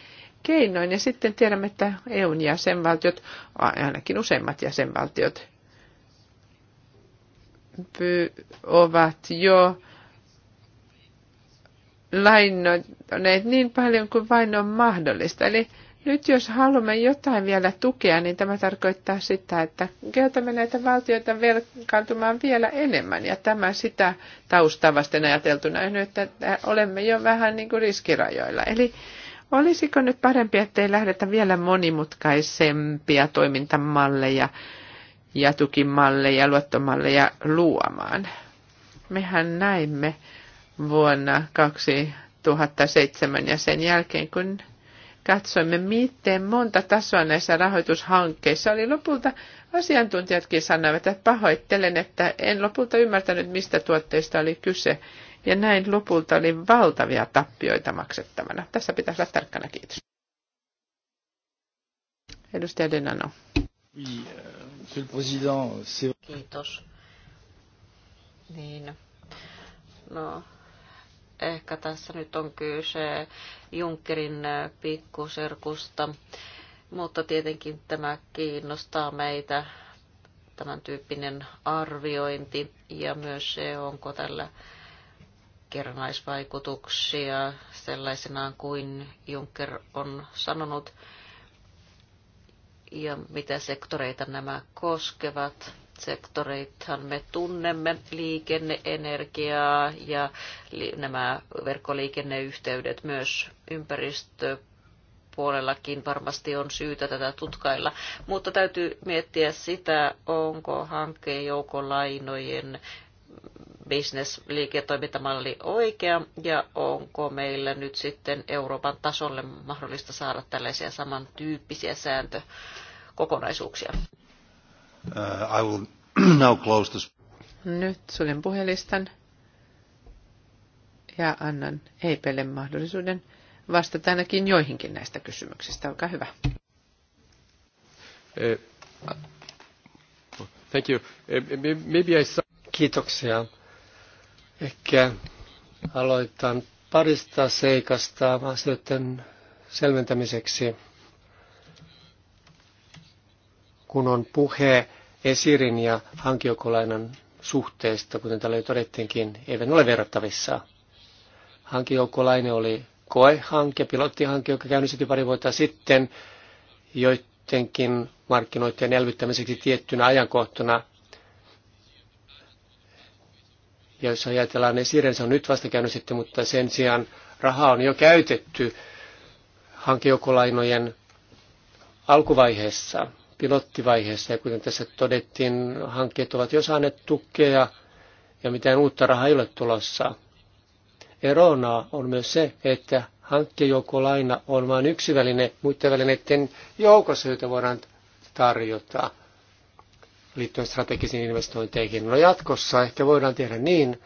keinoin. Ja sitten tiedämme, että EUn jäsenvaltiot, ainakin useimmat jäsenvaltiot, ovat jo lainoineet niin paljon kuin vain on mahdollista. Eli nyt jos haluamme jotain vielä tukea, niin tämä tarkoittaa sitä, että kehotamme näitä valtioita velkaantumaan vielä enemmän. Ja tämä sitä taustaa vasten ajateltuna, että olemme jo vähän niin kuin riskirajoilla. Eli olisiko nyt parempi, ettei lähdetä vielä monimutkaisempia toimintamalleja ja tukimalleja, ja luottomalleja luomaan? Mehän näimme vuonna 2007 ja sen jälkeen, kun katsoimme, miten monta tasoa näissä rahoitushankkeissa oli. Lopulta asiantuntijatkin sanoivat, että pahoittelen, että en lopulta ymmärtänyt, mistä tuotteista oli kyse. Ja näin lopulta oli valtavia tappioita maksettavana. Tässä pitäisi olla tarkkana, kiitos. Edustaja Denano. Euh, kiitos. Niin. No, ehkä tässä nyt on kyse Junckerin pikkuserkusta, mutta tietenkin tämä kiinnostaa meitä tämän tyyppinen arviointi ja myös se, onko tällä kerranaisvaikutuksia sellaisenaan kuin Juncker on sanonut ja mitä sektoreita nämä koskevat sektoreithan me tunnemme, liikenne, energiaa ja nämä verkkoliikenneyhteydet myös ympäristö puolellakin varmasti on syytä tätä tutkailla, mutta täytyy miettiä sitä, onko hankkeen joukolainojen bisnesliiketoimintamalli oikea ja onko meillä nyt sitten Euroopan tasolle mahdollista saada tällaisia samantyyppisiä sääntökokonaisuuksia. Uh, I will now close this. Nyt suljen puhelistan ja annan Eipelle mahdollisuuden vastata ainakin joihinkin näistä kysymyksistä. Olkaa hyvä. Uh, thank you. Uh, maybe I... Kiitoksia. Ehkä aloitan parista seikasta asioiden selventämiseksi kun on puhe Esirin ja hankiokolainan suhteesta, kuten täällä jo todettiinkin, eivät ole verrattavissa. Hankijoukkolainen oli koehanke, pilottihanke, joka käynnistettiin pari vuotta sitten joidenkin markkinoiden elvyttämiseksi tiettynä ajankohtana. Ja jos ajatellaan, esirin se on nyt vasta käynnistetty, mutta sen sijaan raha on jo käytetty hankijoukkolainojen alkuvaiheessa pilottivaiheessa. Ja kuten tässä todettiin, hankkeet ovat jo saaneet tukea ja mitään uutta rahaa ei ole tulossa. Erona on myös se, että hankkeenjoukolaina on vain yksi väline muiden välineiden joukossa, joita voidaan tarjota liittyen strategisiin investointeihin. No jatkossa ehkä voidaan tehdä niin,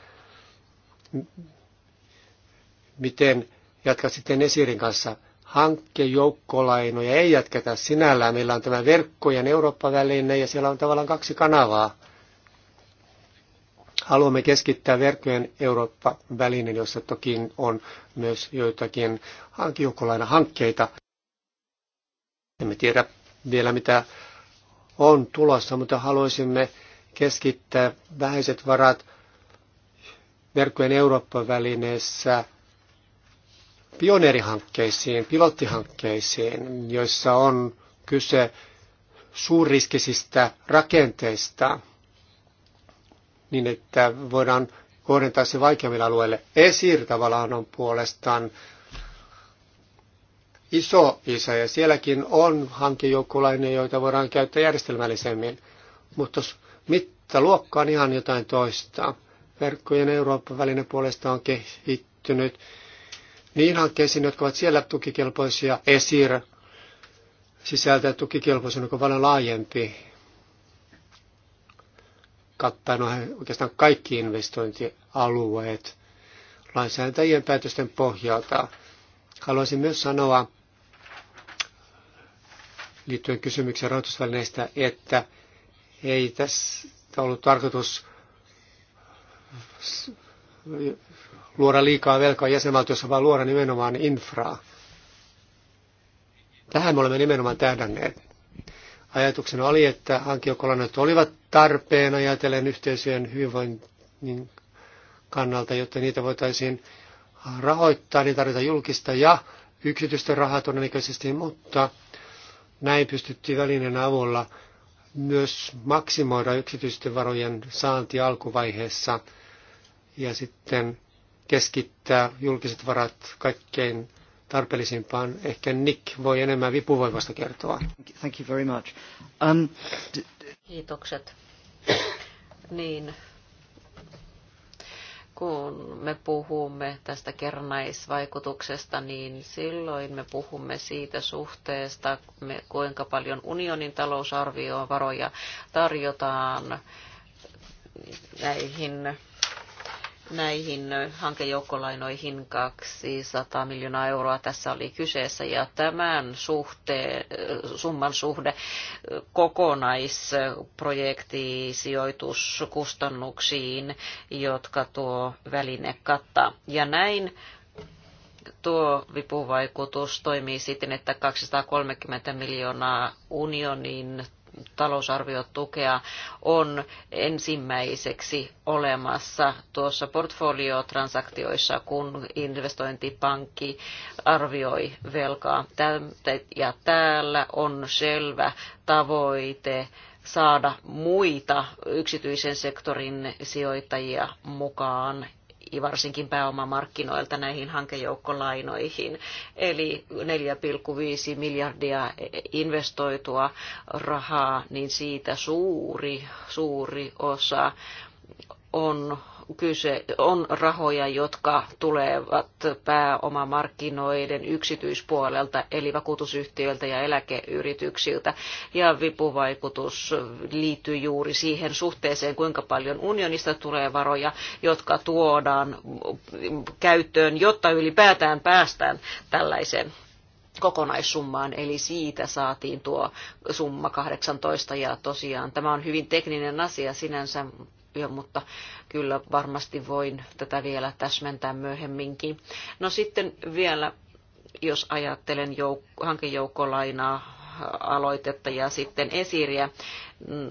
miten jatkaa sitten Esirin kanssa hankkejoukkolainoja ei jatketa sinällään. Meillä on tämä verkkojen Eurooppa-väline ja siellä on tavallaan kaksi kanavaa. Haluamme keskittää verkkojen Eurooppa-välinen, jossa toki on myös joitakin hankkeita. Emme tiedä vielä mitä on tulossa, mutta haluaisimme keskittää vähäiset varat verkkojen Eurooppa-välineessä – pioneerihankkeisiin, pilottihankkeisiin, joissa on kyse suurriskisistä rakenteista, niin että voidaan kohdentaa se vaikeammille alueille. Esir tavallaan on puolestaan iso isä ja sielläkin on hankejoukkulainen, joita voidaan käyttää järjestelmällisemmin, mutta mittaluokka on ihan jotain toista. Verkkojen Euroopan väline puolestaan on kehittynyt niihin hankkeisiin, jotka ovat siellä tukikelpoisia. ESIR sisältää tukikelpoisuuden, joka on paljon laajempi, kattaen oikeastaan kaikki investointialueet lainsäätäjien päätösten pohjalta. Haluaisin myös sanoa liittyen kysymykseen rahoitusvälineistä, että ei tässä ollut tarkoitus luoda liikaa velkaa jäsenvaltiossa, vaan luoda nimenomaan infraa. Tähän me olemme nimenomaan tähdänneet. Ajatuksena oli, että hankiokolonnat olivat tarpeen ajatellen yhteisöjen hyvinvoinnin kannalta, jotta niitä voitaisiin rahoittaa, niin tarvitaan julkista ja yksityistä rahaa todennäköisesti, mutta näin pystyttiin välineen avulla myös maksimoida yksityisten varojen saanti alkuvaiheessa ja sitten keskittää julkiset varat kaikkein tarpeellisimpaan. Ehkä Nick voi enemmän vipuvoimasta kertoa. Thank you very much. Um, Kiitokset. niin, kun me puhumme tästä kernaisvaikutuksesta, niin silloin me puhumme siitä suhteesta, kuinka paljon unionin talousarvioon varoja tarjotaan näihin näihin hankejoukkolainoihin 200 miljoonaa euroa tässä oli kyseessä ja tämän suhteen, summan suhde kokonaisprojektisijoituskustannuksiin, jotka tuo väline kattaa. Ja näin tuo vipuvaikutus toimii siten, että 230 miljoonaa unionin talousarviotukea on ensimmäiseksi olemassa tuossa portfoliotransaktioissa, kun investointipankki arvioi velkaa. Ja täällä on selvä tavoite saada muita yksityisen sektorin sijoittajia mukaan varsinkin pääomamarkkinoilta näihin hankejoukkolainoihin. Eli 4,5 miljardia investoitua rahaa, niin siitä suuri, suuri osa on kyse on rahoja, jotka tulevat pääomamarkkinoiden yksityispuolelta, eli vakuutusyhtiöiltä ja eläkeyrityksiltä. Ja vipuvaikutus liittyy juuri siihen suhteeseen, kuinka paljon unionista tulee varoja, jotka tuodaan käyttöön, jotta ylipäätään päästään tällaiseen kokonaissummaan, eli siitä saatiin tuo summa 18, ja tosiaan tämä on hyvin tekninen asia sinänsä, työ, mutta kyllä varmasti voin tätä vielä täsmentää myöhemminkin. No sitten vielä, jos ajattelen jouk- hankejoukkolainaa, aloitetta ja sitten esiriä, mm,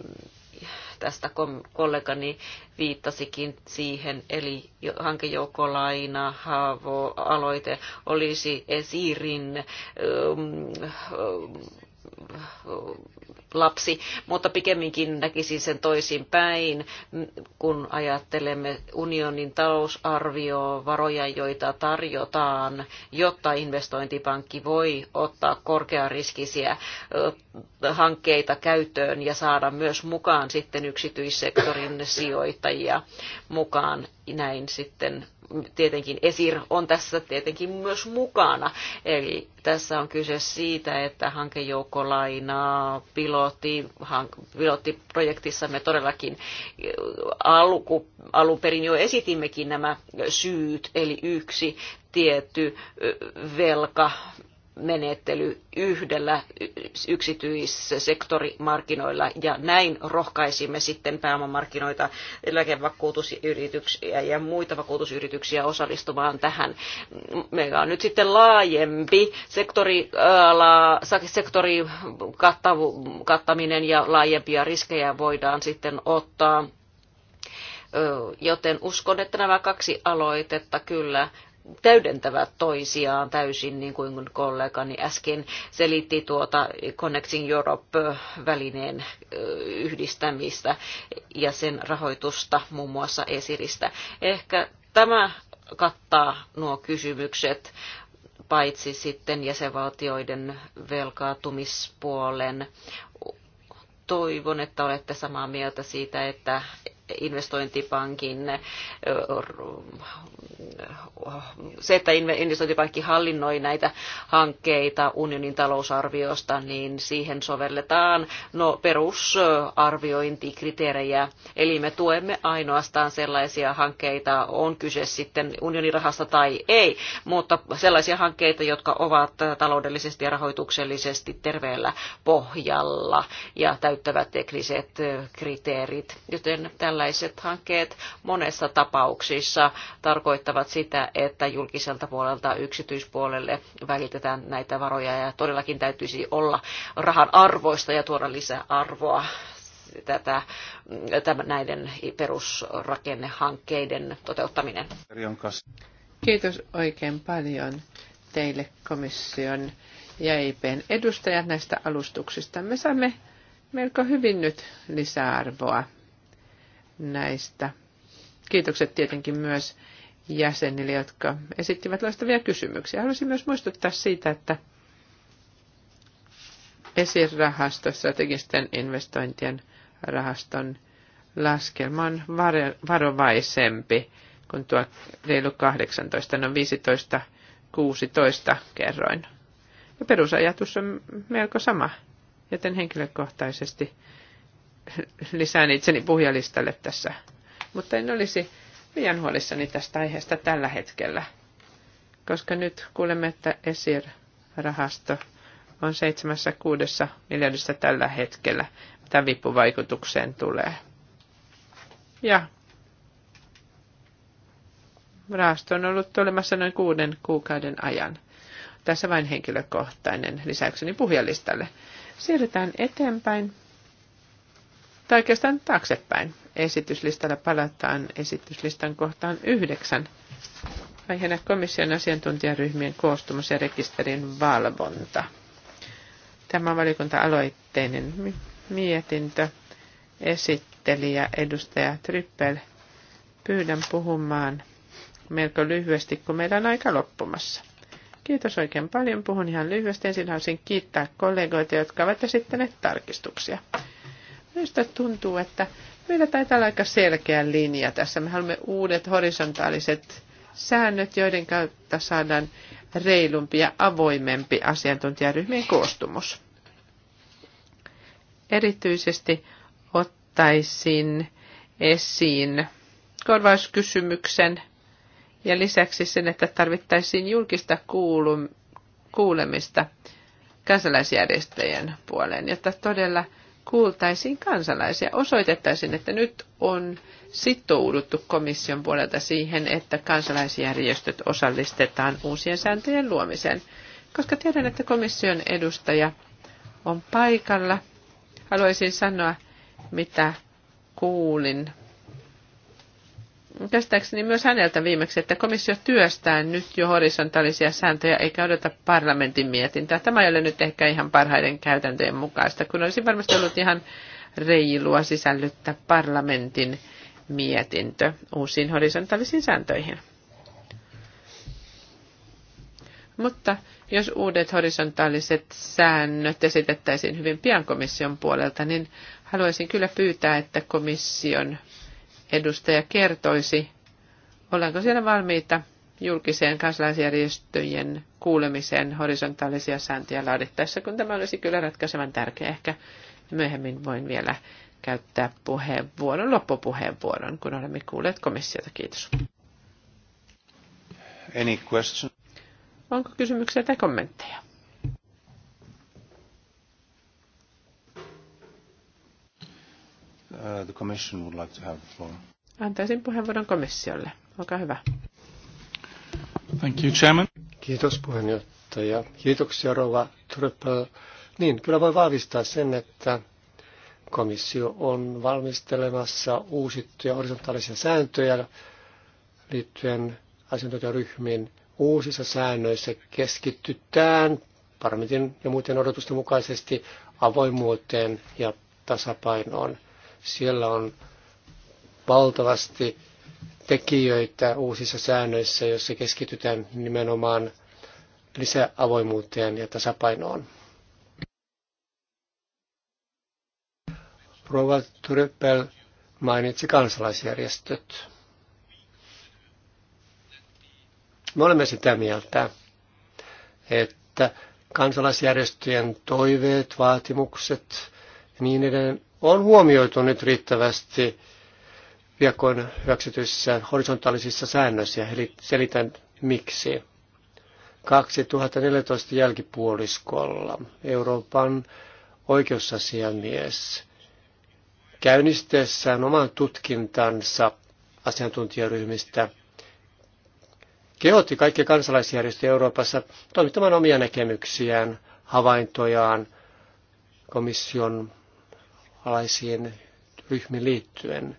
tästä kollegani viittasikin siihen, eli hankejoukkolaina aloite olisi esirin lapsi, mutta pikemminkin näkisin sen toisin päin, kun ajattelemme unionin talousarvio varoja, joita tarjotaan, jotta investointipankki voi ottaa korkeariskisiä hankkeita käyttöön ja saada myös mukaan sitten yksityissektorin sijoittajia mukaan näin sitten tietenkin ESIR on tässä tietenkin myös mukana. Eli tässä on kyse siitä, että lainaa pilotti, hank, pilottiprojektissamme todellakin äh, alku, alun perin jo esitimmekin nämä syyt, eli yksi tietty äh, velka menettely yhdellä yksityissektorimarkkinoilla ja näin rohkaisimme sitten pääomamarkkinoita, eläkevakuutusyrityksiä ja muita vakuutusyrityksiä osallistumaan tähän. Meillä on nyt sitten laajempi sektori, sektori kattavu, kattaminen ja laajempia riskejä voidaan sitten ottaa joten uskon, että nämä kaksi aloitetta kyllä täydentävät toisiaan täysin, niin kuin kollegani äsken selitti tuota Connecting Europe-välineen yhdistämistä ja sen rahoitusta muun muassa esiristä. Ehkä tämä kattaa nuo kysymykset paitsi sitten jäsenvaltioiden velkaantumispuolen toivon, että olette samaa mieltä siitä, että investointipankin, se, että investointipankki hallinnoi näitä hankkeita unionin talousarviosta, niin siihen sovelletaan no, perusarviointikriteerejä. Eli me tuemme ainoastaan sellaisia hankkeita, on kyse sitten unionin rahasta tai ei, mutta sellaisia hankkeita, jotka ovat taloudellisesti ja rahoituksellisesti terveellä pohjalla ja täyttävät tekniset kriteerit. Joten täällä tällaiset hankkeet monessa tapauksissa tarkoittavat sitä, että julkiselta puolelta yksityispuolelle välitetään näitä varoja ja todellakin täytyisi olla rahan arvoista ja tuoda lisäarvoa tätä, tämän, näiden perusrakennehankkeiden toteuttaminen. Kiitos oikein paljon teille komission ja EIPn edustajat näistä alustuksista. Me saamme melko hyvin nyt lisäarvoa näistä. Kiitokset tietenkin myös jäsenille, jotka esittivät loistavia kysymyksiä. Haluaisin myös muistuttaa siitä, että esirahasto strategisten investointien rahaston laskelma on varovaisempi kuin tuo reilu 18, noin 15, 16 kerroin. Ja perusajatus on melko sama, joten henkilökohtaisesti lisään itseni puhjalistalle tässä. Mutta en olisi liian huolissani tästä aiheesta tällä hetkellä, koska nyt kuulemme, että ESIR-rahasto on seitsemässä kuudessa miljardissa tällä hetkellä, mitä vipuvaikutukseen tulee. Ja rahasto on ollut olemassa noin kuuden kuukauden ajan. Tässä vain henkilökohtainen lisäykseni puhjalistalle. Siirrytään eteenpäin tai oikeastaan taaksepäin. Esityslistalla palataan esityslistan kohtaan yhdeksän. Aiheena komission asiantuntijaryhmien koostumus ja rekisterin valvonta. Tämä on valiokunta-aloitteinen mietintö. Esittelijä edustaja Trippel. Pyydän puhumaan melko lyhyesti, kun meillä on aika loppumassa. Kiitos oikein paljon. Puhun ihan lyhyesti. Ensin haluaisin kiittää kollegoita, jotka ovat esittäneet tarkistuksia. Minusta tuntuu, että meillä taitaa olla aika selkeä linja tässä. Me haluamme uudet horisontaaliset säännöt, joiden kautta saadaan reilumpi ja avoimempi asiantuntijaryhmien koostumus. Erityisesti ottaisin esiin korvauskysymyksen ja lisäksi sen, että tarvittaisiin julkista kuulemista kansalaisjärjestöjen puoleen, jotta todella – kuultaisiin kansalaisia, osoitettaisiin, että nyt on sitouduttu komission puolelta siihen, että kansalaisjärjestöt osallistetaan uusien sääntöjen luomiseen. Koska tiedän, että komission edustaja on paikalla, haluaisin sanoa, mitä kuulin käsittääkseni myös häneltä viimeksi, että komissio työstää nyt jo horisontaalisia sääntöjä eikä odota parlamentin mietintää. Tämä ei ole nyt ehkä ihan parhaiden käytäntöjen mukaista, kun olisi varmasti ollut ihan reilua sisällyttää parlamentin mietintö uusiin horisontaalisiin sääntöihin. Mutta jos uudet horisontaaliset säännöt esitettäisiin hyvin pian komission puolelta, niin haluaisin kyllä pyytää, että komission edustaja kertoisi, ollaanko siellä valmiita julkiseen kansalaisjärjestöjen kuulemiseen horisontaalisia sääntöjä laadittaessa, kun tämä olisi kyllä ratkaisevan tärkeä. Ehkä myöhemmin voin vielä käyttää puheenvuoron, loppupuheenvuoron, kun olemme kuulleet komissiota. Kiitos. Any question? Onko kysymyksiä tai kommentteja? Uh, the commission would like to have the floor. Antaisin puheenvuoron komissiolle. Olkaa hyvä. Thank you, Chairman. Kiitos puheenjohtaja. Kiitoksia Rova Truppel. Niin, kyllä voi vahvistaa sen, että komissio on valmistelemassa uusittuja horisontaalisia sääntöjä liittyen asiantuntijaryhmiin. Uusissa säännöissä keskittytään parlamentin ja muiden odotusten mukaisesti avoimuuteen ja tasapainoon. Siellä on valtavasti tekijöitä uusissa säännöissä, joissa keskitytään nimenomaan lisäavoimuuteen ja tasapainoon. Rova Tryppel mainitsi kansalaisjärjestöt. Me olemme sitä mieltä, että kansalaisjärjestöjen toiveet, vaatimukset ja niin edelleen on huomioitu nyt riittävästi piakkoin hyväksytyissä horisontaalisissa säännöissä, eli selitän miksi. 2014 jälkipuoliskolla Euroopan oikeusasiamies käynnistessään oman tutkintansa asiantuntijaryhmistä kehotti kaikkia kansalaisjärjestöjä Euroopassa toimittamaan omia näkemyksiään, havaintojaan komission alaisiin ryhmiin liittyen.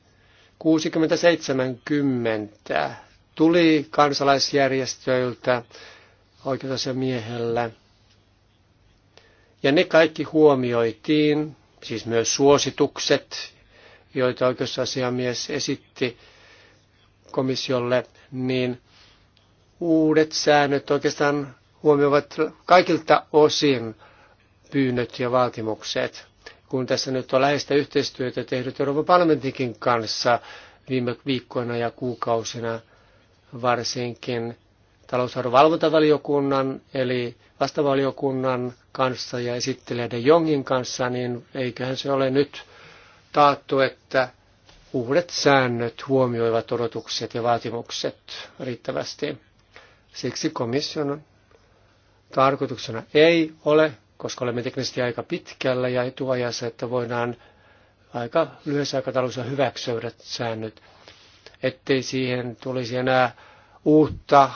60-70 tuli kansalaisjärjestöiltä oikeusasiamiehellä. Ja ne kaikki huomioitiin, siis myös suositukset, joita oikeusasiamies esitti komissiolle, niin uudet säännöt oikeastaan huomioivat kaikilta osin pyynnöt ja vaatimukset kun tässä nyt on läheistä yhteistyötä tehnyt Euroopan parlamentinkin kanssa viime viikkoina ja kuukausina, varsinkin talousarvovalvontavaliokunnan eli vastavaliokunnan kanssa ja esittelijöiden Jongin kanssa, niin eiköhän se ole nyt taattu, että uudet säännöt huomioivat odotukset ja vaatimukset riittävästi. Siksi komission tarkoituksena ei ole koska olemme teknisesti aika pitkällä ja etuajassa, että voidaan aika lyhyessä aikataulussa hyväksyä säännöt, ettei siihen tulisi enää uutta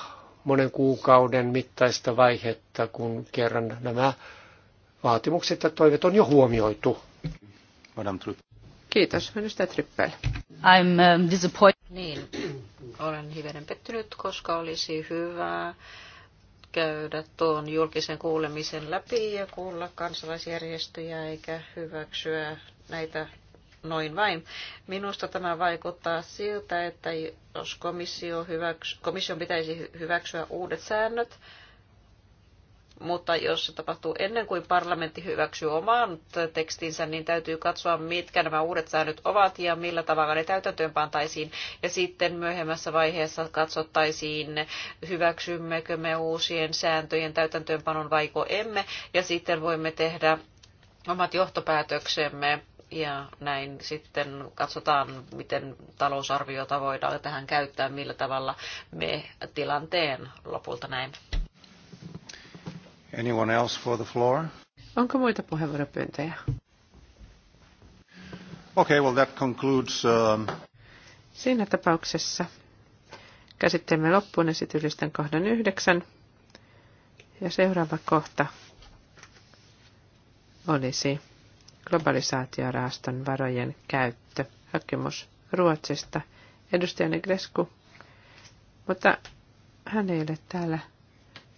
monen kuukauden mittaista vaihetta, kun kerran nämä vaatimukset ja toiveet on jo huomioitu. Kiitos, minusta Trippel. I'm um, disappointed. Niin, olen hivenen pettynyt, koska olisi hyvä käydä tuon julkisen kuulemisen läpi ja kuulla kansalaisjärjestöjä eikä hyväksyä näitä noin vain. Minusta tämä vaikuttaa siltä, että jos komissio hyväks, komission pitäisi hyväksyä uudet säännöt, mutta jos se tapahtuu ennen kuin parlamentti hyväksyy oman tekstinsä, niin täytyy katsoa, mitkä nämä uudet säännöt ovat ja millä tavalla ne täytäntöön pantaisiin. Ja sitten myöhemmässä vaiheessa katsottaisiin, hyväksymmekö me uusien sääntöjen täytäntöönpanon vaiko emme, ja sitten voimme tehdä omat johtopäätöksemme ja näin sitten katsotaan, miten talousarviota voidaan tähän käyttää, millä tavalla me tilanteen lopulta näemme. Anyone else for the floor? Onko muita puheenvuoropyyntöjä? Okay, well that concludes, um... Siinä tapauksessa käsittelemme loppuun esitylisten kohdan yhdeksän. Ja seuraava kohta olisi globalisaatiorahaston varojen käyttö. Hakemus Ruotsista. Edustajani Gresku, mutta hän ei ole täällä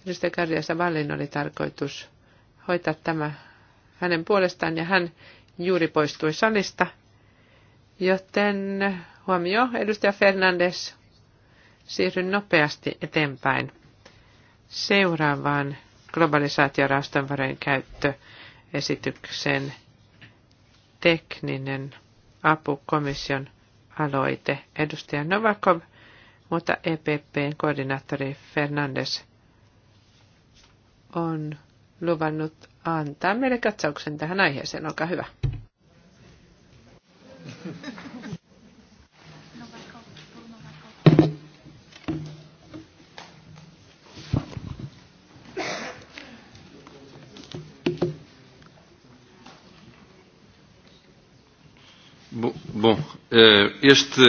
Edustaja Karjassa Vallin oli tarkoitus hoitaa tämä hänen puolestaan ja hän juuri poistui salista. Joten huomio, edustaja Fernandes, siirryn nopeasti eteenpäin seuraavaan globalisaatiorahaston varojen käyttöesityksen tekninen apukomission aloite. Edustaja Novakov, mutta EPPn koordinaattori Fernandes on luvannut antaa meille katsauksen tähän aiheeseen. Olkaa hyvä. Bon, eh, este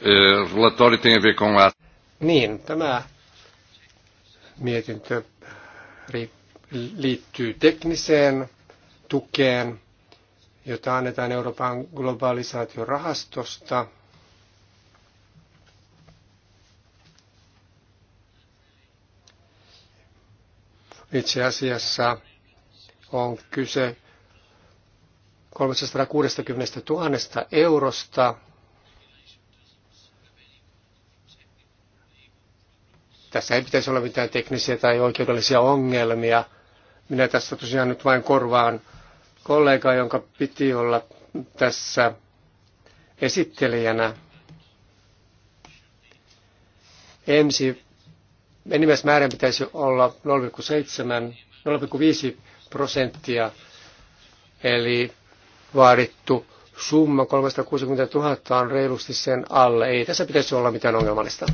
eh, relatório tem a ver com a... Niin, tämä mietintö liittyy tekniseen tukeen, jota annetaan Euroopan globalisaation rahastosta. Itse asiassa on kyse 360 000 eurosta, Tässä ei pitäisi olla mitään teknisiä tai oikeudellisia ongelmia. Minä tässä tosiaan nyt vain korvaan kollegaa, jonka piti olla tässä esittelijänä. Ensi enimmäismäärän pitäisi olla 0,7, 0,5 prosenttia, eli vaadittu summa 360 000 on reilusti sen alle. Ei tässä pitäisi olla mitään ongelmallista.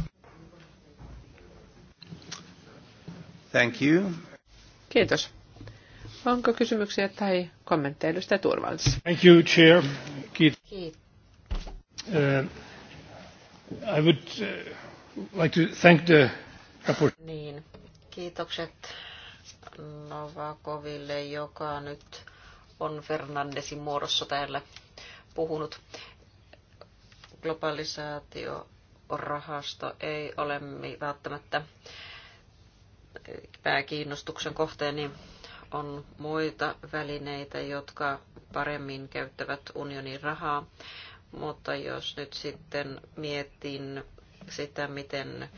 Thank you. Kiitos. Onko kysymyksiä tai kommentteja edustaja Turvallis? Thank you, Chair. Kiitos. Kiitos. Uh, I would uh, like to thank the rapport. Niin, kiitokset Novakoville, joka nyt on Fernandesin muodossa täällä puhunut. Globalisaatio rahasto ei ole välttämättä pääkiinnostuksen kohteeni niin on muita välineitä, jotka paremmin käyttävät unionin rahaa, mutta jos nyt sitten mietin sitä, miten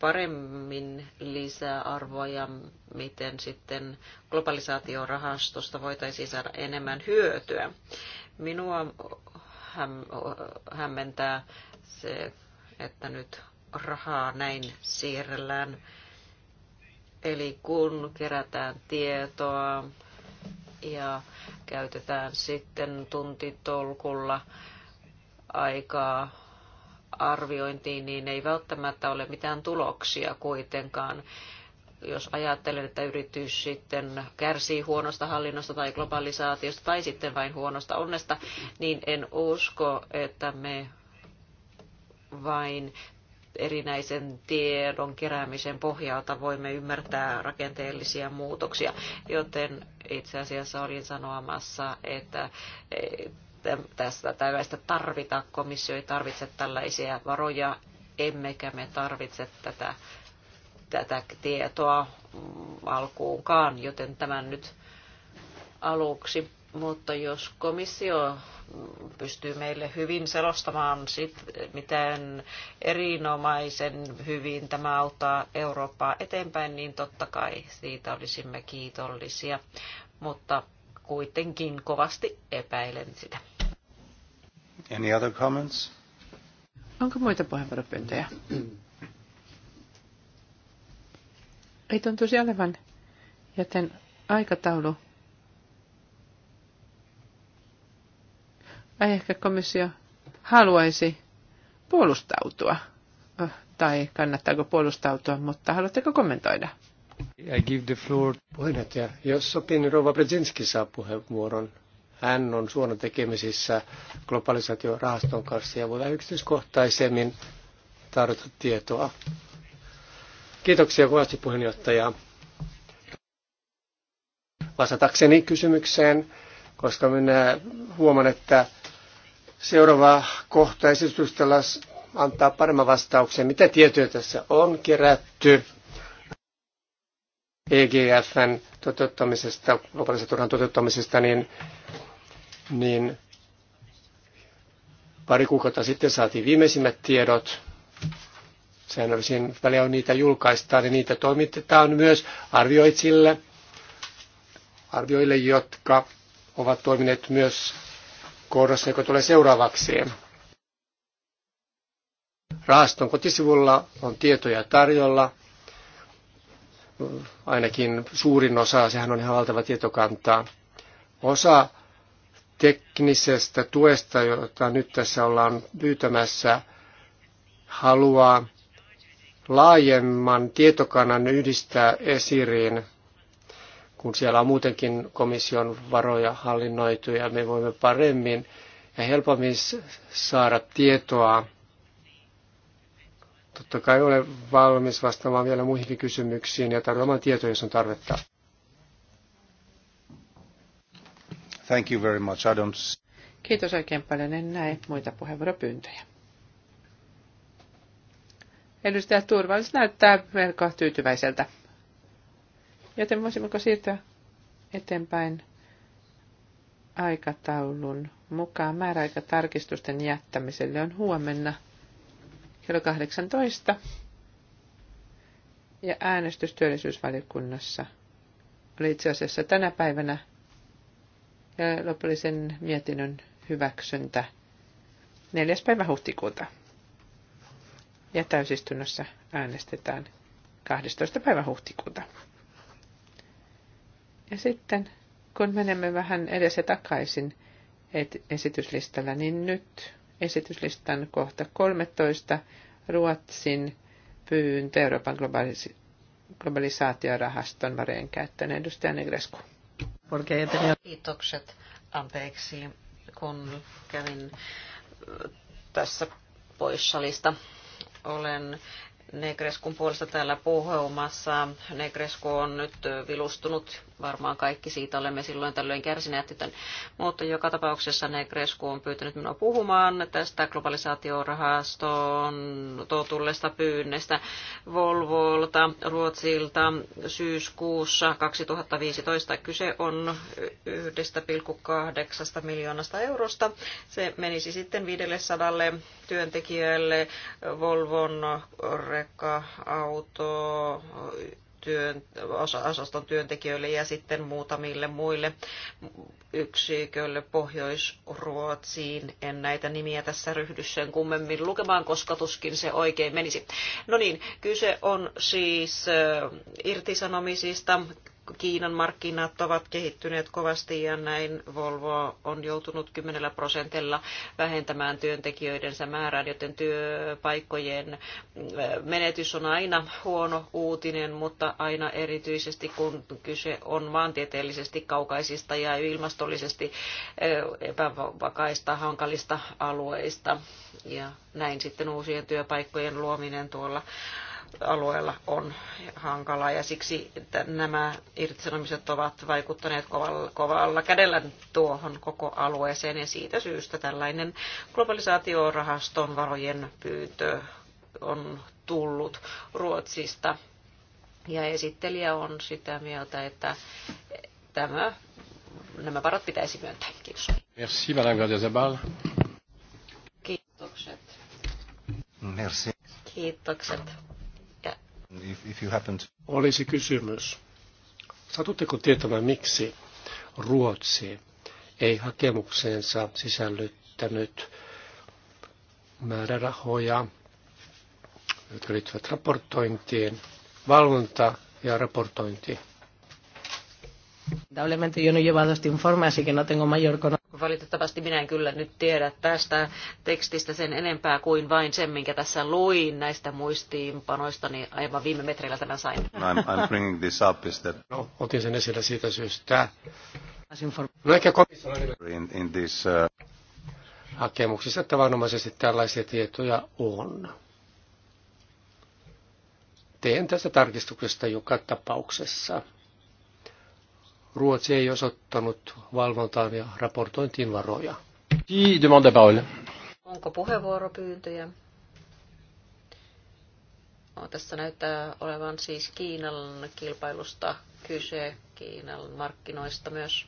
paremmin lisää arvoa ja miten sitten globalisaatiorahastosta voitaisiin saada enemmän hyötyä. Minua hämmentää se, että nyt rahaa näin siirrellään Eli kun kerätään tietoa ja käytetään sitten tuntitolkulla aikaa arviointiin, niin ei välttämättä ole mitään tuloksia kuitenkaan. Jos ajattelen, että yritys sitten kärsii huonosta hallinnosta tai globalisaatiosta tai sitten vain huonosta onnesta, niin en usko, että me vain erinäisen tiedon keräämisen pohjalta voimme ymmärtää rakenteellisia muutoksia, joten itse asiassa olin sanomassa, että tästä tällaista tarvita, komissio ei tarvitse tällaisia varoja, emmekä me tarvitse tätä, tätä tietoa alkuunkaan, joten tämän nyt aluksi mutta jos komissio pystyy meille hyvin selostamaan, sit, miten erinomaisen hyvin tämä auttaa Eurooppaa eteenpäin, niin totta kai siitä olisimme kiitollisia. Mutta kuitenkin kovasti epäilen sitä. Any other comments? Onko muita puheenvuoropyyntöjä? Ei tuntuisi olevan, joten aikataulu Vai ehkä komissio haluaisi puolustautua? Oh, tai kannattaako puolustautua, mutta haluatteko kommentoida? I give the floor. Puheenjohtaja, jos sopii, niin Rova Brzezinski saa puheenvuoron. Hän on suona tekemisissä globalisaatiorahaston kanssa ja voi vähän yksityiskohtaisemmin tarjota tietoa. Kiitoksia kovasti puheenjohtaja. Vastatakseni kysymykseen, koska minä huomaan, että Seuraava kohta esityställä antaa paremman vastauksen, mitä tietoja tässä on kerätty EGFn toteuttamisesta, globaalisen turhan toteuttamisesta, niin, niin pari kuukautta sitten saatiin viimeisimmät tiedot. Säännöllisin on niitä julkaistaan niin niitä toimitetaan myös arvioitsille, arvioille, jotka ovat toimineet myös kohdassa, joka tulee seuraavaksi. Rahaston kotisivulla on tietoja tarjolla. Ainakin suurin osa, sehän on ihan valtava tietokantaa. Osa teknisestä tuesta, jota nyt tässä ollaan pyytämässä, haluaa laajemman tietokannan yhdistää esiriin kun siellä on muutenkin komission varoja hallinnoitu ja me voimme paremmin ja helpommin saada tietoa. Totta kai olen valmis vastaamaan vielä muihinkin kysymyksiin ja tarjoamaan tietoja, jos on tarvetta. Thank you very much. I don't... Kiitos oikein paljon. En näe muita puheenvuoropyyntöjä. Edustaja Turvallis näyttää melko tyytyväiseltä Joten voisimmeko siirtyä eteenpäin aikataulun mukaan määräaikatarkistusten jättämiselle on huomenna kello 18 ja äänestys työllisyysvaliokunnassa oli itse asiassa tänä päivänä ja lopullisen mietinnön hyväksyntä 4. päivä huhtikuuta. Ja täysistunnossa äänestetään 12. päivä huhtikuuta. Ja sitten kun menemme vähän edes ja takaisin esityslistalla, niin nyt esityslistan kohta 13 Ruotsin pyyntö Euroopan globaalis- globalisaatiorahaston varojen käyttöön. Edustaja Negresku. Kiitokset. Anteeksi, kun kävin äh, tässä poissalista. Olen Negreskun puolesta täällä puhumassa. Negresku on nyt äh, vilustunut Varmaan kaikki siitä olemme silloin tällöin kärsineet, joten, mutta joka tapauksessa Negresku on pyytänyt minua puhumaan tästä globalisaatiorahaston totullesta pyynnestä Volvolta Ruotsilta syyskuussa 2015. Kyse on 1,8 miljoonasta eurosta. Se menisi sitten 500 työntekijälle Volvon rekka-auto työn, osaston työntekijöille ja sitten muutamille muille yksiköille Pohjois-Ruotsiin. En näitä nimiä tässä ryhdy sen kummemmin lukemaan, koska tuskin se oikein menisi. No niin, kyse on siis irtisanomisista Kiinan markkinat ovat kehittyneet kovasti ja näin Volvo on joutunut 10 prosentilla vähentämään työntekijöidensä määrää, joten työpaikkojen äh, menetys on aina huono uutinen, mutta aina erityisesti kun kyse on maantieteellisesti kaukaisista ja ilmastollisesti äh, epävakaista, hankalista alueista. Ja näin sitten uusien työpaikkojen luominen tuolla alueella on hankalaa ja siksi nämä irtisanomiset ovat vaikuttaneet kovalla, kovalla kädellä tuohon koko alueeseen ja siitä syystä tällainen globalisaatiorahaston varojen pyyntö on tullut Ruotsista. Ja esittelijä on sitä mieltä, että tämä, nämä varat pitäisi myöntää. Kiitos. Merci, Madame Kiitokset. Merci. Kiitokset. If, you happen to... Olisi kysymys. Satutteko tietämään, miksi Ruotsi ei hakemukseensa sisällyttänyt määrärahoja, jotka liittyvät raportointiin, valvonta ja raportointi Lamentablemente yo no he llevado este informe, así que no tengo mayor conocimiento. Valitettavasti minä en kyllä nyt tiedä tästä tekstistä sen enempää kuin vain sen, minkä tässä luin näistä muistiinpanoista, niin aivan viime metrillä tämän sain. No, I'm, I'm bringing this up is that... No, otin sen esille siitä syystä. No ehkä in, in this, uh... Hakemuksissa tavanomaisesti tällaisia tietoja on. Teen tästä tarkistuksesta joka tapauksessa. Ruotsi ei osoittanut valvontaan ja raportointiin varoja. Onko puheenvuoropyyntöjä? No, tässä näyttää olevan siis Kiinan kilpailusta kyse, Kiinan markkinoista myös.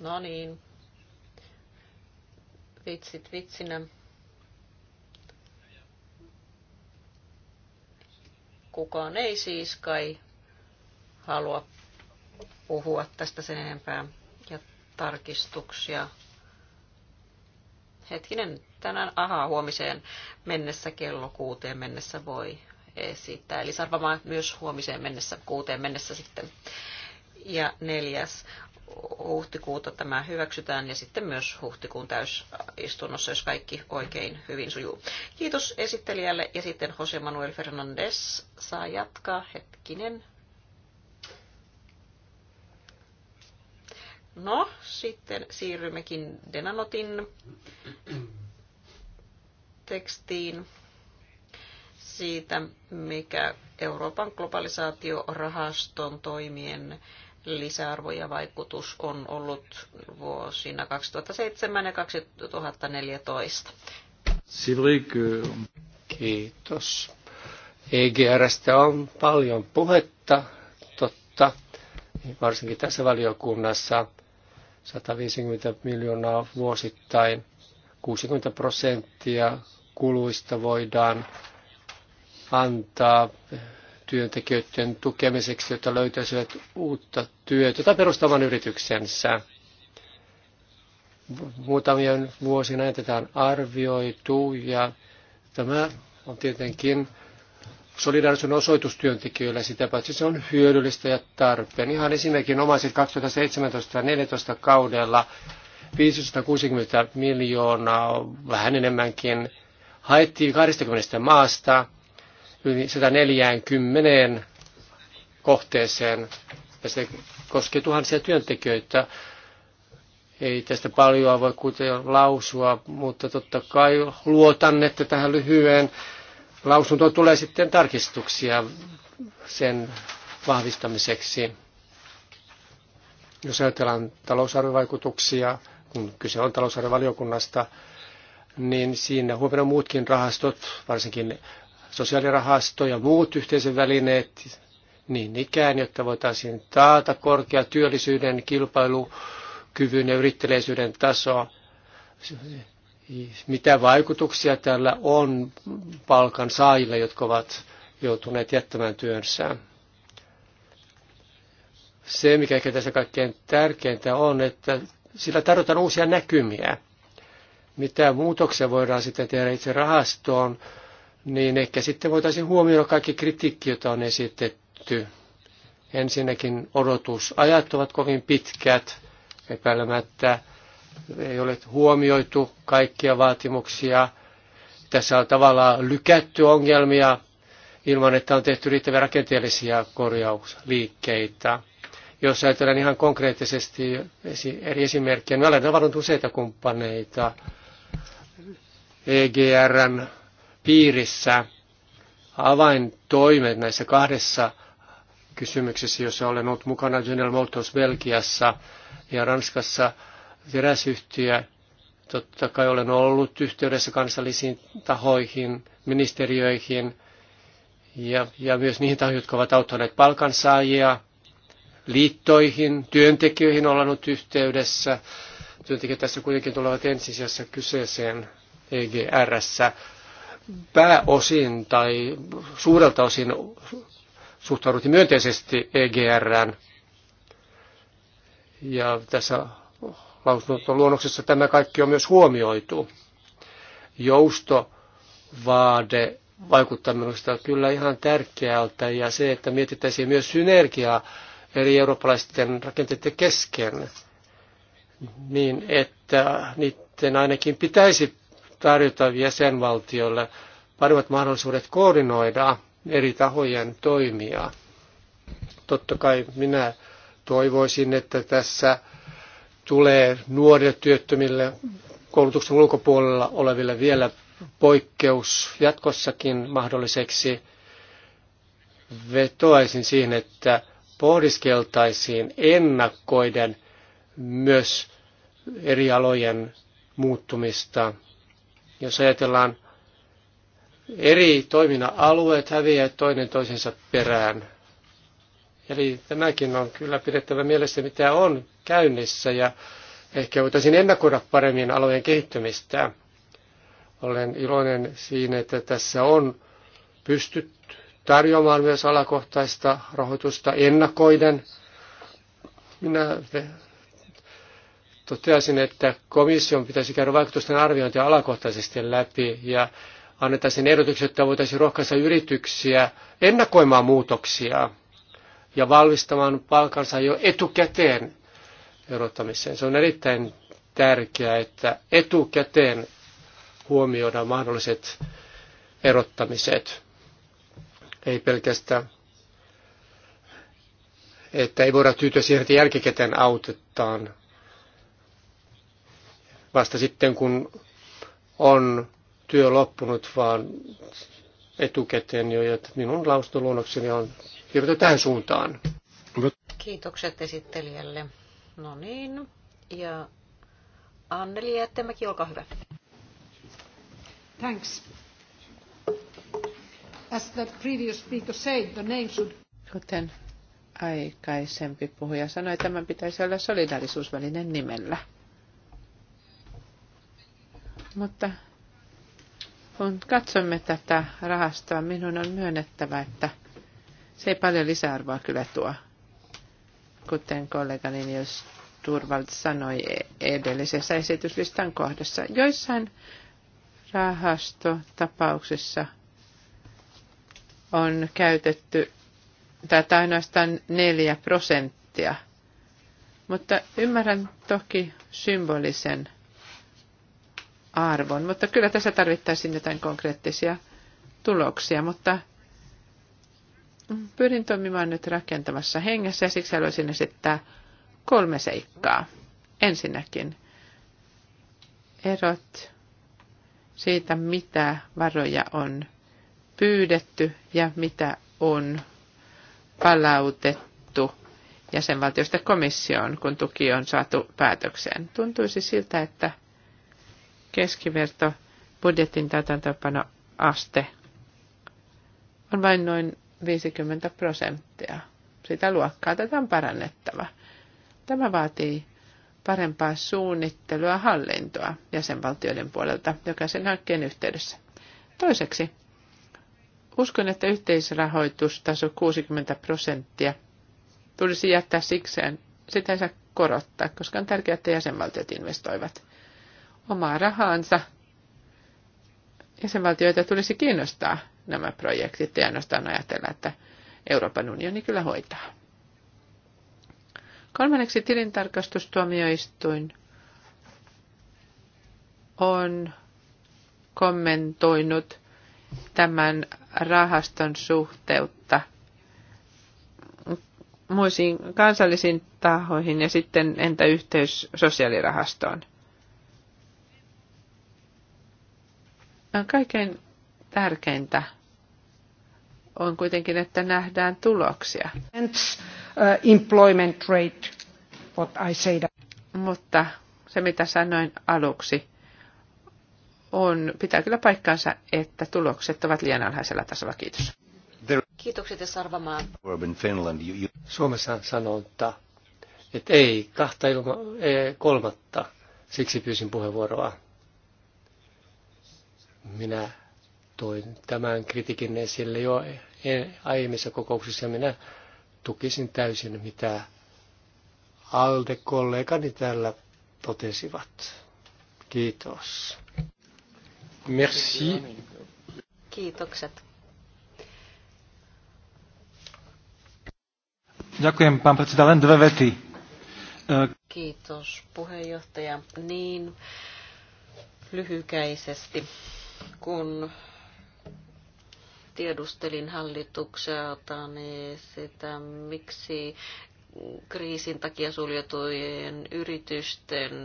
No niin. Vitsit vitsinä. Kukaan ei siis kai halua puhua tästä sen enempää. Ja tarkistuksia. Hetkinen, tänään, ahaa, huomiseen mennessä kello kuuteen mennessä voi esittää. Eli sarvamaan myös huomiseen mennessä, kuuteen mennessä sitten. Ja neljäs huhtikuuta tämä hyväksytään ja sitten myös huhtikuun täysistunnossa, jos kaikki oikein hyvin sujuu. Kiitos esittelijälle ja sitten Jose Manuel Fernandez saa jatkaa hetkinen. No, sitten siirrymmekin Denanotin tekstiin siitä, mikä Euroopan globalisaatiorahaston toimien lisäarvo ja vaikutus on ollut vuosina 2007 ja 2014. Kiitos. EGRstä on paljon puhetta, totta, varsinkin tässä valiokunnassa. 150 miljoonaa vuosittain. 60 prosenttia kuluista voidaan antaa työntekijöiden tukemiseksi, jotta löytäisivät uutta työtä tai perustavan yrityksensä. Muutamien vuosina jätetään on arvioitu ja tämä on tietenkin solidaarisuuden osoitustyöntekijöille työntekijöillä, sitä paitsi se on hyödyllistä ja tarpeen. Ihan esimerkin omaiset 2017-2014 kaudella 560 miljoonaa, vähän enemmänkin, haettiin 20 maasta yli 140 kohteeseen, ja se koskee tuhansia työntekijöitä. Ei tästä paljoa voi kuitenkin lausua, mutta totta kai luotan, että tähän lyhyen lausunto tulee sitten tarkistuksia sen vahvistamiseksi. Jos ajatellaan talousarvovaikutuksia, kun kyse on talousarvovaliokunnasta, niin siinä huomioidaan muutkin rahastot, varsinkin sosiaalirahasto ja muut yhteisen välineet niin ikään, jotta voitaisiin taata korkea työllisyyden, kilpailukyvyn ja yritteleisyyden taso mitä vaikutuksia tällä on palkan saajille, jotka ovat joutuneet jättämään työnsä. Se, mikä ehkä tässä kaikkein tärkeintä on, että sillä tarvitaan uusia näkymiä. Mitä muutoksia voidaan sitten tehdä itse rahastoon, niin ehkä sitten voitaisiin huomioida kaikki kritiikki, jota on esitetty. Ensinnäkin odotusajat ovat kovin pitkät, epäilemättä ei ole huomioitu kaikkia vaatimuksia. Tässä on tavallaan lykätty ongelmia ilman, että on tehty riittäviä rakenteellisia korjausliikkeitä. Jos ajatellaan ihan konkreettisesti eri esimerkkejä, niin olen tavannut useita kumppaneita EGRn piirissä. Avaintoimet näissä kahdessa kysymyksessä, jossa olen ollut mukana General Motors Belgiassa ja Ranskassa, teräsyhtiö. Totta kai olen ollut yhteydessä kansallisiin tahoihin, ministeriöihin ja, ja myös niihin tahoihin, jotka ovat auttaneet palkansaajia, liittoihin, työntekijöihin olen ollut yhteydessä. Työntekijät tässä kuitenkin tulevat ensisijassa kyseeseen EGRssä pääosin tai suurelta osin suhtauduttiin myönteisesti EGRään. Ja tässä Lausuntoluonnoksessa tämä kaikki on myös huomioitu. Jousto, vaade, vaikuttaa minusta kyllä ihan tärkeältä ja se, että mietittäisiin myös synergiaa eri eurooppalaisten rakenteiden kesken, niin että niiden ainakin pitäisi tarjota jäsenvaltiolle paremmat mahdollisuudet koordinoida eri tahojen toimia. Totta kai minä toivoisin, että tässä tulee nuorille työttömille koulutuksen ulkopuolella oleville vielä poikkeus jatkossakin mahdolliseksi. Vetoaisin siihen, että pohdiskeltaisiin ennakkoiden myös eri alojen muuttumista. Jos ajatellaan eri toiminnan alueet häviävät toinen toisensa perään. Eli tämäkin on kyllä pidettävä mielessä, mitä on käynnissä ja ehkä voitaisiin ennakoida paremmin alojen kehittymistä. Olen iloinen siinä, että tässä on pystytty tarjoamaan myös alakohtaista rahoitusta ennakoiden. Minä toteaisin, että komission pitäisi käydä vaikutusten arviointia alakohtaisesti läpi ja annettaisiin ehdotukset, että voitaisiin rohkaista yrityksiä ennakoimaan muutoksia ja valmistamaan palkansa jo etukäteen erottamiseen. Se on erittäin tärkeää, että etukäteen huomioidaan mahdolliset erottamiset. Ei pelkästään, että ei voida tyytyä siihen, että jälkikäteen autetaan. Vasta sitten, kun on työ loppunut, vaan etukäteen jo. että minun lausuntoluonnokseni on vievät tähän suuntaan. Kiitokset esittelijälle. No niin, ja Anneli Jättemäki, olkaa hyvä. Thanks. As the previous speaker said, the name should... Kuten aikaisempi puhuja sanoi, tämän pitäisi olla solidaarisuusvälinen nimellä. Mutta kun katsomme tätä rahastoa, minun on myönnettävä, että – se ei paljon lisäarvoa kyllä tuo. Kuten kollegani jos Turvald sanoi e- edellisessä esityslistan kohdassa, joissain rahastotapauksissa on käytetty tätä ainoastaan 4 prosenttia. Mutta ymmärrän toki symbolisen arvon, mutta kyllä tässä tarvittaisiin jotain konkreettisia tuloksia, mutta Pyrin toimimaan nyt rakentavassa hengessä ja siksi haluaisin esittää kolme seikkaa. Ensinnäkin erot siitä, mitä varoja on pyydetty ja mitä on palautettu jäsenvaltioista komissioon, kun tuki on saatu päätökseen. Tuntuisi siltä, että keskiverto budjetin aste. on vain noin 50 prosenttia. Sitä luokkaa tätä on parannettava. Tämä vaatii parempaa suunnittelua hallintoa jäsenvaltioiden puolelta jokaisen hankkeen yhteydessä. Toiseksi, uskon, että yhteisrahoitustaso 60 prosenttia tulisi jättää sikseen, sitä ei saa korottaa, koska on tärkeää, että jäsenvaltiot investoivat omaa rahaansa. Jäsenvaltioita tulisi kiinnostaa nämä projektit, ja ainoastaan ajatella, että Euroopan unioni kyllä hoitaa. Kolmanneksi tilintarkastustuomioistuin on kommentoinut tämän rahaston suhteutta muisiin kansallisiin tahoihin ja sitten entä yhteys sosiaalirahastoon. Kaiken Tärkeintä on kuitenkin, että nähdään tuloksia. Uh, employment rate, what I that. Mutta se, mitä sanoin aluksi, on, pitää kyllä paikkaansa, että tulokset ovat liian alhaisella tasolla. Kiitos. Kiitokset ja sarvamaa. Suomessa että, että ei kahta ilma, ei kolmatta. Siksi pyysin puheenvuoroa. Minä Toin tämän kritiikin esille jo e, aiemmissa kokouksissa. Minä tukisin täysin, mitä ALDE-kollegani täällä totesivat. Kiitos. Merci. Kiitokset. Ďakujem, pán len dve vety. E, Kiitos, puheenjohtaja. Niin lyhykäisesti, kun tiedustelin hallitukselta niin sitä, miksi kriisin takia suljetujen yritysten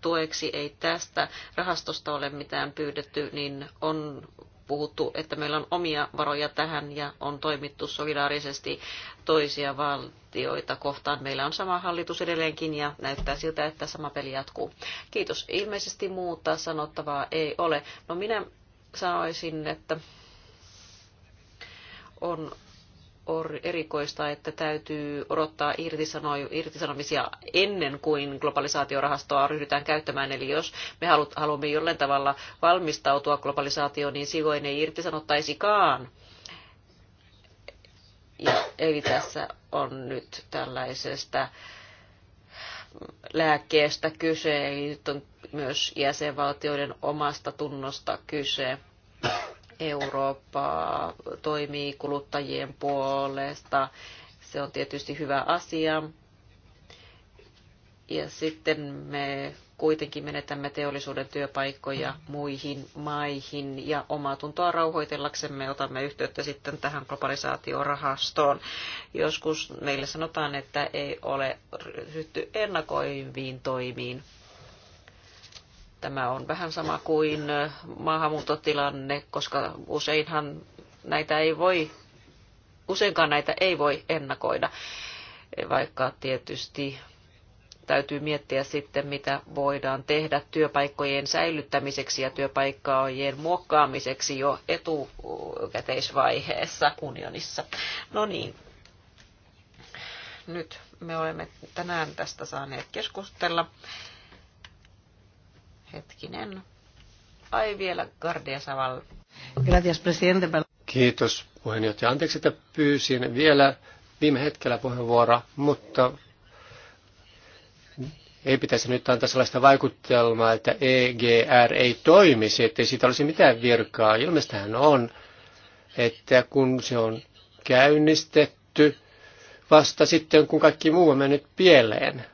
tueksi ei tästä rahastosta ole mitään pyydetty, niin on puhuttu, että meillä on omia varoja tähän ja on toimittu solidaarisesti toisia valtioita kohtaan. Meillä on sama hallitus edelleenkin ja näyttää siltä, että sama peli jatkuu. Kiitos. Ilmeisesti muuta sanottavaa ei ole. No minä sanoisin, että on erikoista, että täytyy odottaa irtisanomisia ennen kuin globalisaatiorahastoa ryhdytään käyttämään. Eli jos me haluamme jollain tavalla valmistautua globalisaatioon, niin silloin ei irtisanottaisikaan. Ja, eli tässä on nyt tällaisesta lääkkeestä kyse, eli nyt on myös jäsenvaltioiden omasta tunnosta kyse. Eurooppa toimii kuluttajien puolesta. Se on tietysti hyvä asia. Ja sitten me kuitenkin menetämme teollisuuden työpaikkoja muihin maihin ja omaa tuntoa rauhoitellaksemme otamme yhteyttä sitten tähän globalisaatiorahastoon. Joskus meille sanotaan, että ei ole ryhty ennakoiviin toimiin Tämä on vähän sama kuin maahanmuuttotilanne, koska useinhan näitä ei voi, useinkaan näitä ei voi ennakoida, vaikka tietysti täytyy miettiä sitten, mitä voidaan tehdä työpaikkojen säilyttämiseksi ja työpaikkojen muokkaamiseksi jo etukäteisvaiheessa unionissa. No niin, nyt me olemme tänään tästä saaneet keskustella Hetkinen. Ai vielä Gardia Saval. Gracias, presidente. Kiitos puheenjohtaja. Anteeksi, että pyysin vielä viime hetkellä puheenvuoroa, mutta ei pitäisi nyt antaa sellaista vaikutelmaa, että EGR ei toimisi, ettei siitä olisi mitään virkaa. Ilmeistähän on, että kun se on käynnistetty, vasta sitten kun kaikki muu on mennyt pieleen.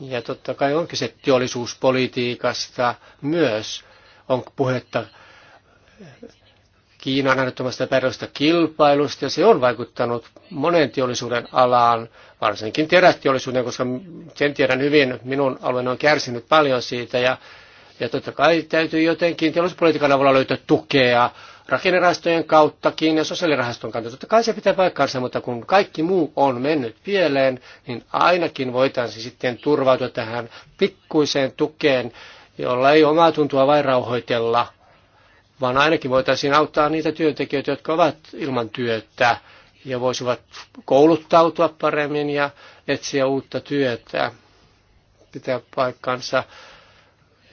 Ja totta kai onkin se teollisuuspolitiikasta myös. On puhetta Kiinan annettomasta perusta kilpailusta, ja se on vaikuttanut monen teollisuuden alaan, varsinkin terästeollisuuden, koska sen tiedän hyvin, minun alueeni on kärsinyt paljon siitä, ja, ja totta kai täytyy jotenkin teollisuuspolitiikan avulla löytää tukea rakennerahastojen kauttakin ja sosiaalirahaston kautta. Totta kai se pitää paikkaansa, mutta kun kaikki muu on mennyt pieleen, niin ainakin voitaisiin sitten turvautua tähän pikkuiseen tukeen, jolla ei omaa tuntua vain rauhoitella, vaan ainakin voitaisiin auttaa niitä työntekijöitä, jotka ovat ilman työtä ja voisivat kouluttautua paremmin ja etsiä uutta työtä. Pitää paikkansa,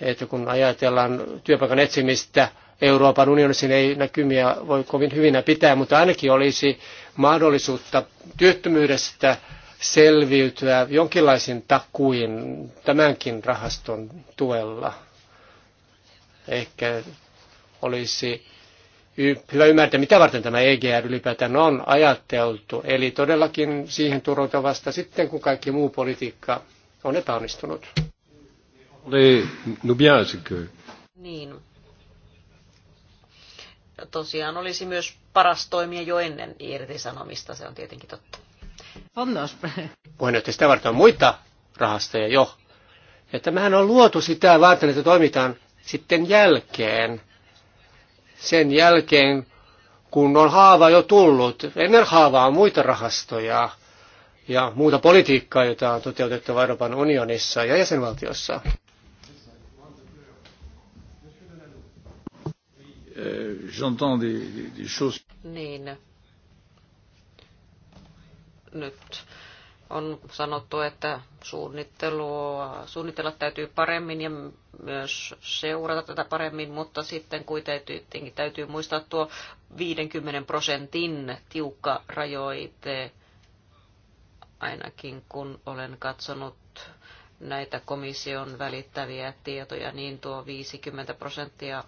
että kun ajatellaan työpaikan etsimistä, Euroopan unionissa niin ei näkymiä voi kovin hyvinä pitää, mutta ainakin olisi mahdollisuutta työttömyydestä selviytyä jonkinlaisin takuin tämänkin rahaston tuella. Ehkä olisi hyvä ymmärtää, mitä varten tämä EGR ylipäätään on ajateltu. Eli todellakin siihen turvata vasta sitten, kun kaikki muu politiikka on epäonnistunut. Niin, tosiaan olisi myös paras toimia jo ennen irtisanomista, se on tietenkin totta. Puheenjohtaja, sitä varten on muita rahastoja jo. Ja tämähän on luotu sitä varten, että toimitaan sitten jälkeen. Sen jälkeen, kun on haava jo tullut. Ennen haavaa on muita rahastoja ja muuta politiikkaa, jota on toteutettu Euroopan unionissa ja jäsenvaltiossa. Euh, j'entends des, des, des choses. Niin. Nyt on sanottu, että suunnittelua, suunnitella täytyy paremmin ja myös seurata tätä paremmin, mutta sitten kuitenkin täytyy muistaa tuo 50 prosentin tiukka rajoite, ainakin kun olen katsonut näitä komission välittäviä tietoja, niin tuo 50 prosenttia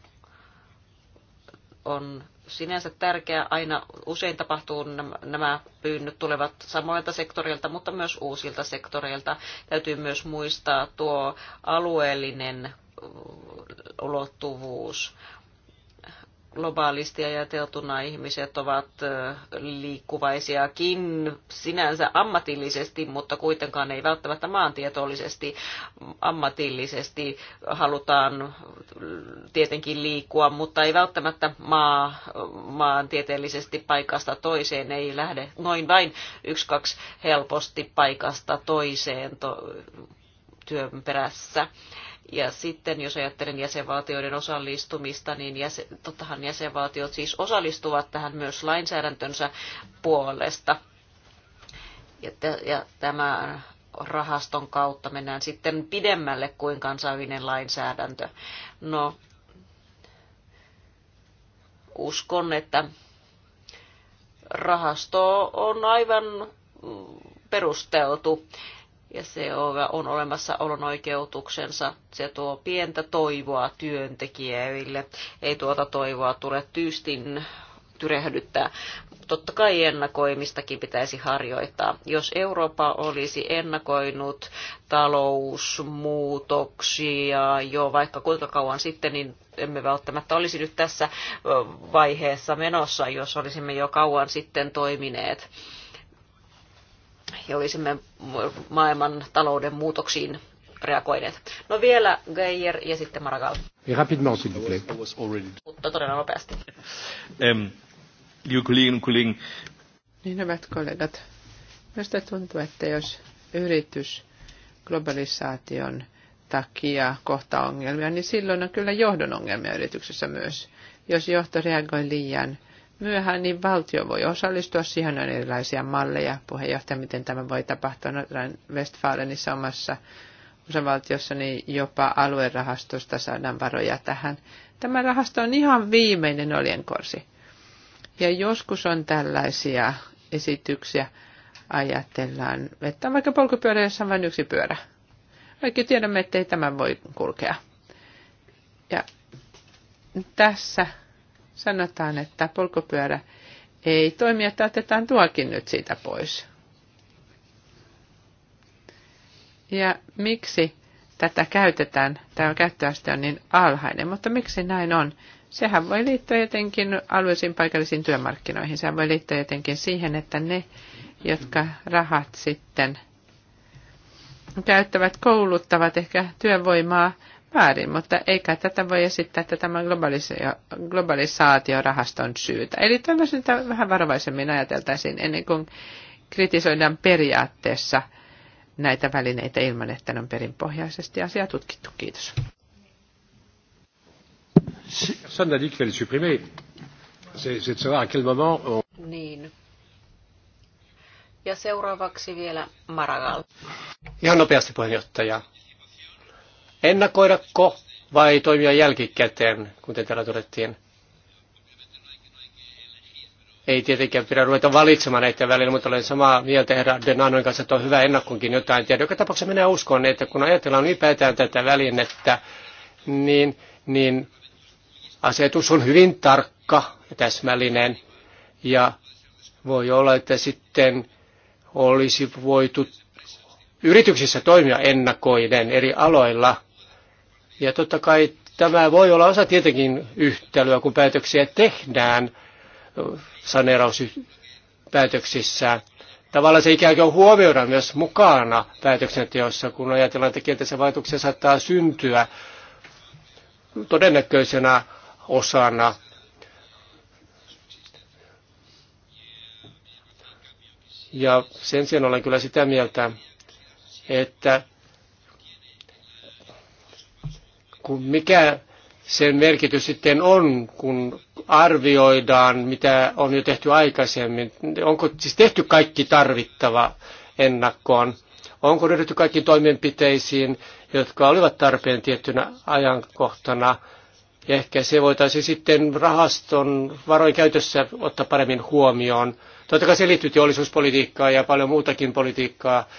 on sinänsä tärkeää. Aina usein tapahtuu nämä pyynnöt tulevat samoilta sektoreilta, mutta myös uusilta sektoreilta. Täytyy myös muistaa tuo alueellinen ulottuvuus globaalisti ajateltuna ihmiset ovat liikkuvaisiakin sinänsä ammatillisesti, mutta kuitenkaan ei välttämättä maantietoisesti ammatillisesti halutaan tietenkin liikkua, mutta ei välttämättä maa, maantieteellisesti paikasta toiseen, ei lähde noin vain yksi kaksi helposti paikasta toiseen to, työn perässä. Ja sitten jos ajattelen jäsenvaltioiden osallistumista, niin jäsen, tottahan jäsenvaltiot siis osallistuvat tähän myös lainsäädäntönsä puolesta. Ja, ja tämä rahaston kautta mennään sitten pidemmälle kuin kansainvälinen lainsäädäntö. No, uskon, että rahasto on aivan mm, perusteltu ja se on olemassa olon oikeutuksensa. Se tuo pientä toivoa työntekijöille. Ei tuota toivoa tule tyystin tyrehdyttää. Totta kai ennakoimistakin pitäisi harjoittaa. Jos Eurooppa olisi ennakoinut talousmuutoksia jo vaikka kuinka kauan sitten, niin emme välttämättä olisi nyt tässä vaiheessa menossa, jos olisimme jo kauan sitten toimineet ja olisimme maailman talouden muutoksiin reagoineet. No vielä Geijer ja sitten Maragall. Ja rapidement, s'il vous plaît. Mutta todella nopeasti. Um, clean, clean. Niin hyvät kollegat, minusta tuntuu, että jos yritys globalisaation takia kohta ongelmia, niin silloin on kyllä johdon ongelmia yrityksessä myös. Jos johto reagoi liian myöhään, niin valtio voi osallistua. Siihen on erilaisia malleja. Puheenjohtaja, miten tämä voi tapahtua no, Westfalenissa omassa osavaltiossa, niin jopa aluerahastosta saadaan varoja tähän. Tämä rahasto on ihan viimeinen oljenkorsi. Ja joskus on tällaisia esityksiä, ajatellaan, että on vaikka polkupyörä, jossa on vain yksi pyörä. Kaikki tiedämme, ei tämä voi kulkea. Ja tässä sanotaan, että polkupyörä ei toimi, että otetaan tuokin nyt siitä pois. Ja miksi tätä käytetään, tämä käyttöaste on niin alhainen, mutta miksi näin on? Sehän voi liittyä jotenkin alueisiin paikallisiin työmarkkinoihin, sehän voi liittyä jotenkin siihen, että ne, jotka rahat sitten käyttävät, kouluttavat ehkä työvoimaa väärin, mutta eikä tätä voi esittää, että tämä globalisaatiorahaston syytä. Eli toivoisin, että vähän varovaisemmin ajateltaisiin ennen kuin kritisoidaan periaatteessa näitä välineitä ilman, että ne on perinpohjaisesti asiaa tutkittu. Kiitos. Niin. Ja seuraavaksi vielä Maragall. Ihan nopeasti puheenjohtaja ennakoidako vai toimia jälkikäteen, kuten täällä todettiin? Ei tietenkään pidä ruveta valitsemaan näitä välillä, mutta olen samaa mieltä herra Denanoin kanssa, että on hyvä ennakkoonkin jotain tiedä. Joka tapauksessa minä uskon, että kun ajatellaan ylipäätään tätä välinettä, niin, niin asetus on hyvin tarkka ja täsmällinen. Ja voi olla, että sitten olisi voitu yrityksissä toimia ennakoiden eri aloilla – ja totta kai tämä voi olla osa tietenkin yhtälöä, kun päätöksiä tehdään saneerauspäätöksissä. Tavallaan se ikään kuin huomioidaan myös mukana päätöksenteossa, kun ajatellaan, että kielteisen vaikutuksen saattaa syntyä todennäköisenä osana Ja sen sijaan olen kyllä sitä mieltä, että kun mikä sen merkitys sitten on, kun arvioidaan, mitä on jo tehty aikaisemmin. Onko siis tehty kaikki tarvittava ennakkoon? Onko ryhdytty kaikkiin toimenpiteisiin, jotka olivat tarpeen tiettynä ajankohtana? ehkä se voitaisiin sitten rahaston varojen käytössä ottaa paremmin huomioon. Totta kai se liittyy teollisuuspolitiikkaan ja paljon muutakin politiikkaa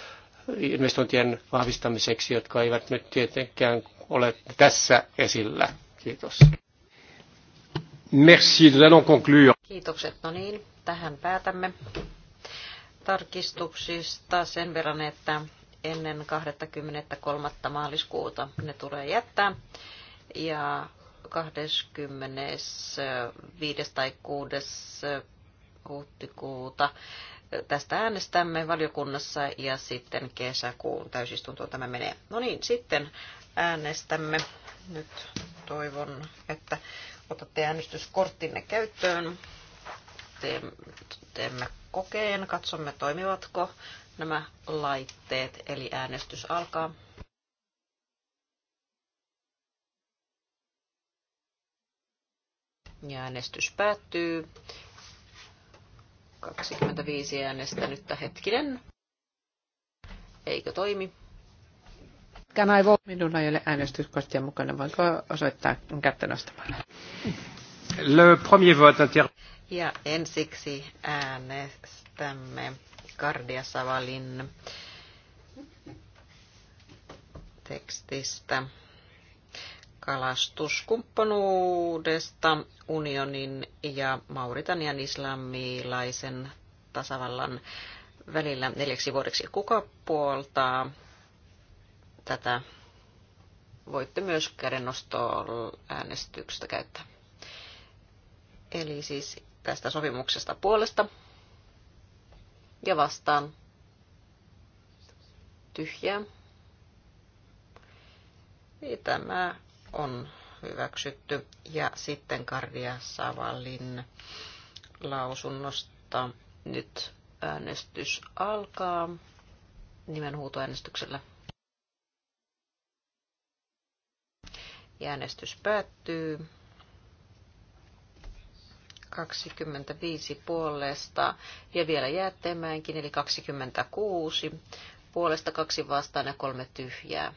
investointien vahvistamiseksi, jotka eivät nyt tietenkään olette tässä esillä. Kiitos. Merci, nous allons conclure. Kiitokset, no niin, tähän päätämme tarkistuksista sen verran, että ennen 23. maaliskuuta ne tulee jättää. Ja 25. tai 6. huhtikuuta tästä äänestämme valiokunnassa ja sitten kesäkuun täysistuntoon tämä menee. No niin, sitten äänestämme. Nyt toivon, että otatte äänestyskorttinne käyttöön. Teemme kokeen, katsomme toimivatko nämä laitteet, eli äänestys alkaa. Ja äänestys päättyy. 25 äänestänyttä hetkinen. Eikö toimi? Can I vote? Minulla ei ole äänestyskorttia mukana. Voinko osoittaa kättä nostamalla? Le premier vote inter... Ja ensiksi äänestämme Kardia Savalin tekstistä kalastuskumppanuudesta unionin ja Mauritanian islamilaisen tasavallan välillä neljäksi vuodeksi. Kuka puoltaa tätä voitte myös kädennostoa äänestyksestä käyttää. Eli siis tästä sopimuksesta puolesta ja vastaan tyhjää. Ja tämä on hyväksytty. Ja sitten Kardia Savallin lausunnosta nyt äänestys alkaa nimenhuutoäänestyksellä. Ja äänestys päättyy. 25 puolesta ja vielä jäätteenmäenkin, eli 26. Puolesta kaksi vastaan ja kolme tyhjää.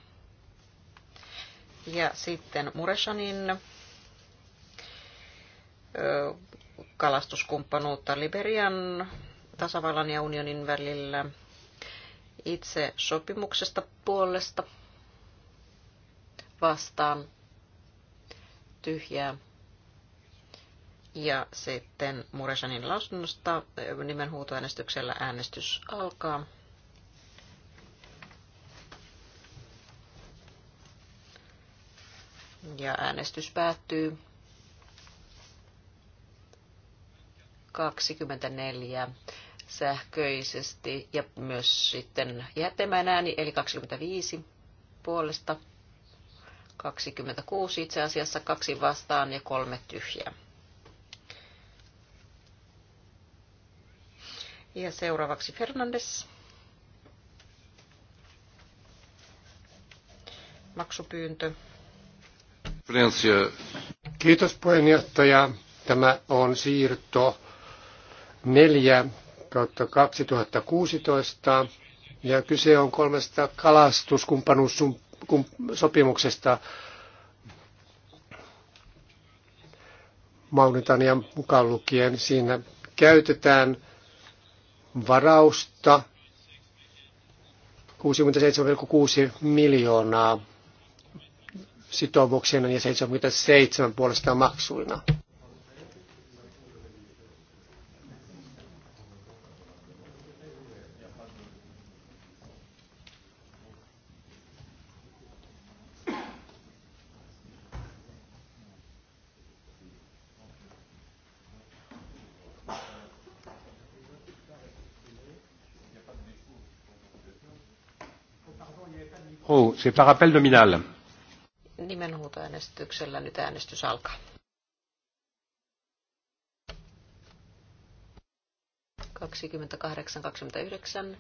Ja sitten Mureshanin kalastuskumppanuutta Liberian tasavallan ja unionin välillä itse sopimuksesta puolesta vastaan tyhjää. Ja sitten Muresanin lausunnosta nimenhuutoäänestyksellä äänestys alkaa. Ja äänestys päättyy 24 sähköisesti ja myös sitten jätemään ääni eli 25 puolesta 26 itse asiassa, kaksi vastaan ja kolme tyhjää. Ja seuraavaksi Fernandes. Maksupyyntö. Kiitos puheenjohtaja. Tämä on siirto 4 kautta 2016 ja kyse on kolmesta kalastuskumppanuus sopimuksesta Mauritanian mukaan lukien. Siinä käytetään varausta 67,6 miljoonaa sitoumuksena ja 77 puolestaan maksuina. C'est par appel nominal. Nimenhuutoäänestyksellä nyt äänestys alkaa.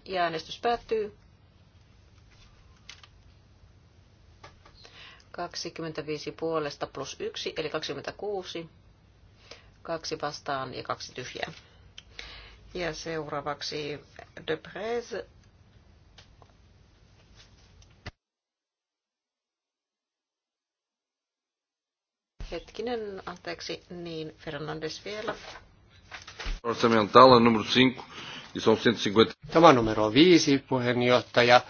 ja äänestys päättyy. 25 puolesta plus 1, eli 26. Kaksi vastaan ja kaksi tyhjää. Ja seuraavaksi De Prez Hetkinen, anteeksi, niin Fernandes vielä. E Tämä on numero 5, ja se on 150. Tämä numero 5, puheenjohtaja,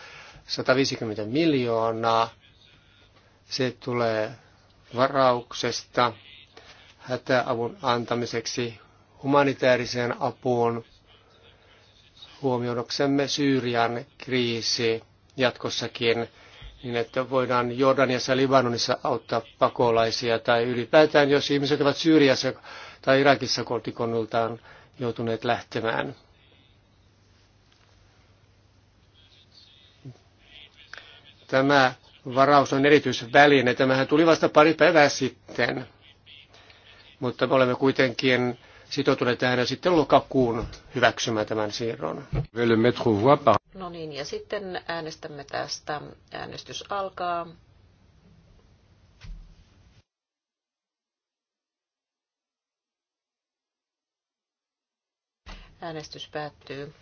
150 miljoonaa. Se tulee varauksesta hätäavun antamiseksi humanitaariseen apuun huomioidoksemme Syyrian kriisi jatkossakin niin että voidaan Jordaniassa ja Libanonissa auttaa pakolaisia tai ylipäätään, jos ihmiset ovat Syyriassa tai Irakissa kotikonnultaan joutuneet lähtemään. Tämä varaus on erityisväline. Tämähän tuli vasta pari päivää sitten, mutta me olemme kuitenkin sitoutuneet tähän sitten lokakuun hyväksymään tämän siirron. No niin, ja sitten äänestämme tästä. Äänestys alkaa. Äänestys päättyy.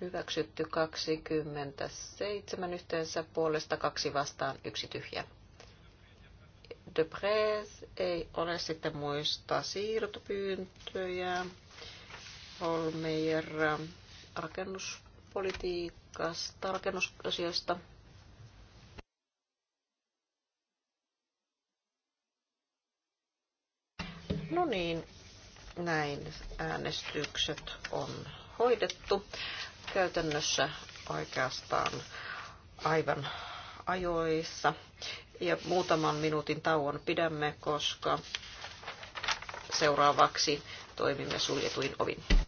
Hyväksytty 27 yhteensä puolesta, kaksi vastaan, yksi tyhjä. De presse, ei ole sitten muista siirtopyyntöjä. Holmeier rakennuspolitiikasta, rakennusasioista. No niin, näin äänestykset on hoidettu. Käytännössä oikeastaan aivan ajoissa ja muutaman minuutin tauon pidämme, koska seuraavaksi toimimme suljetuin ovin.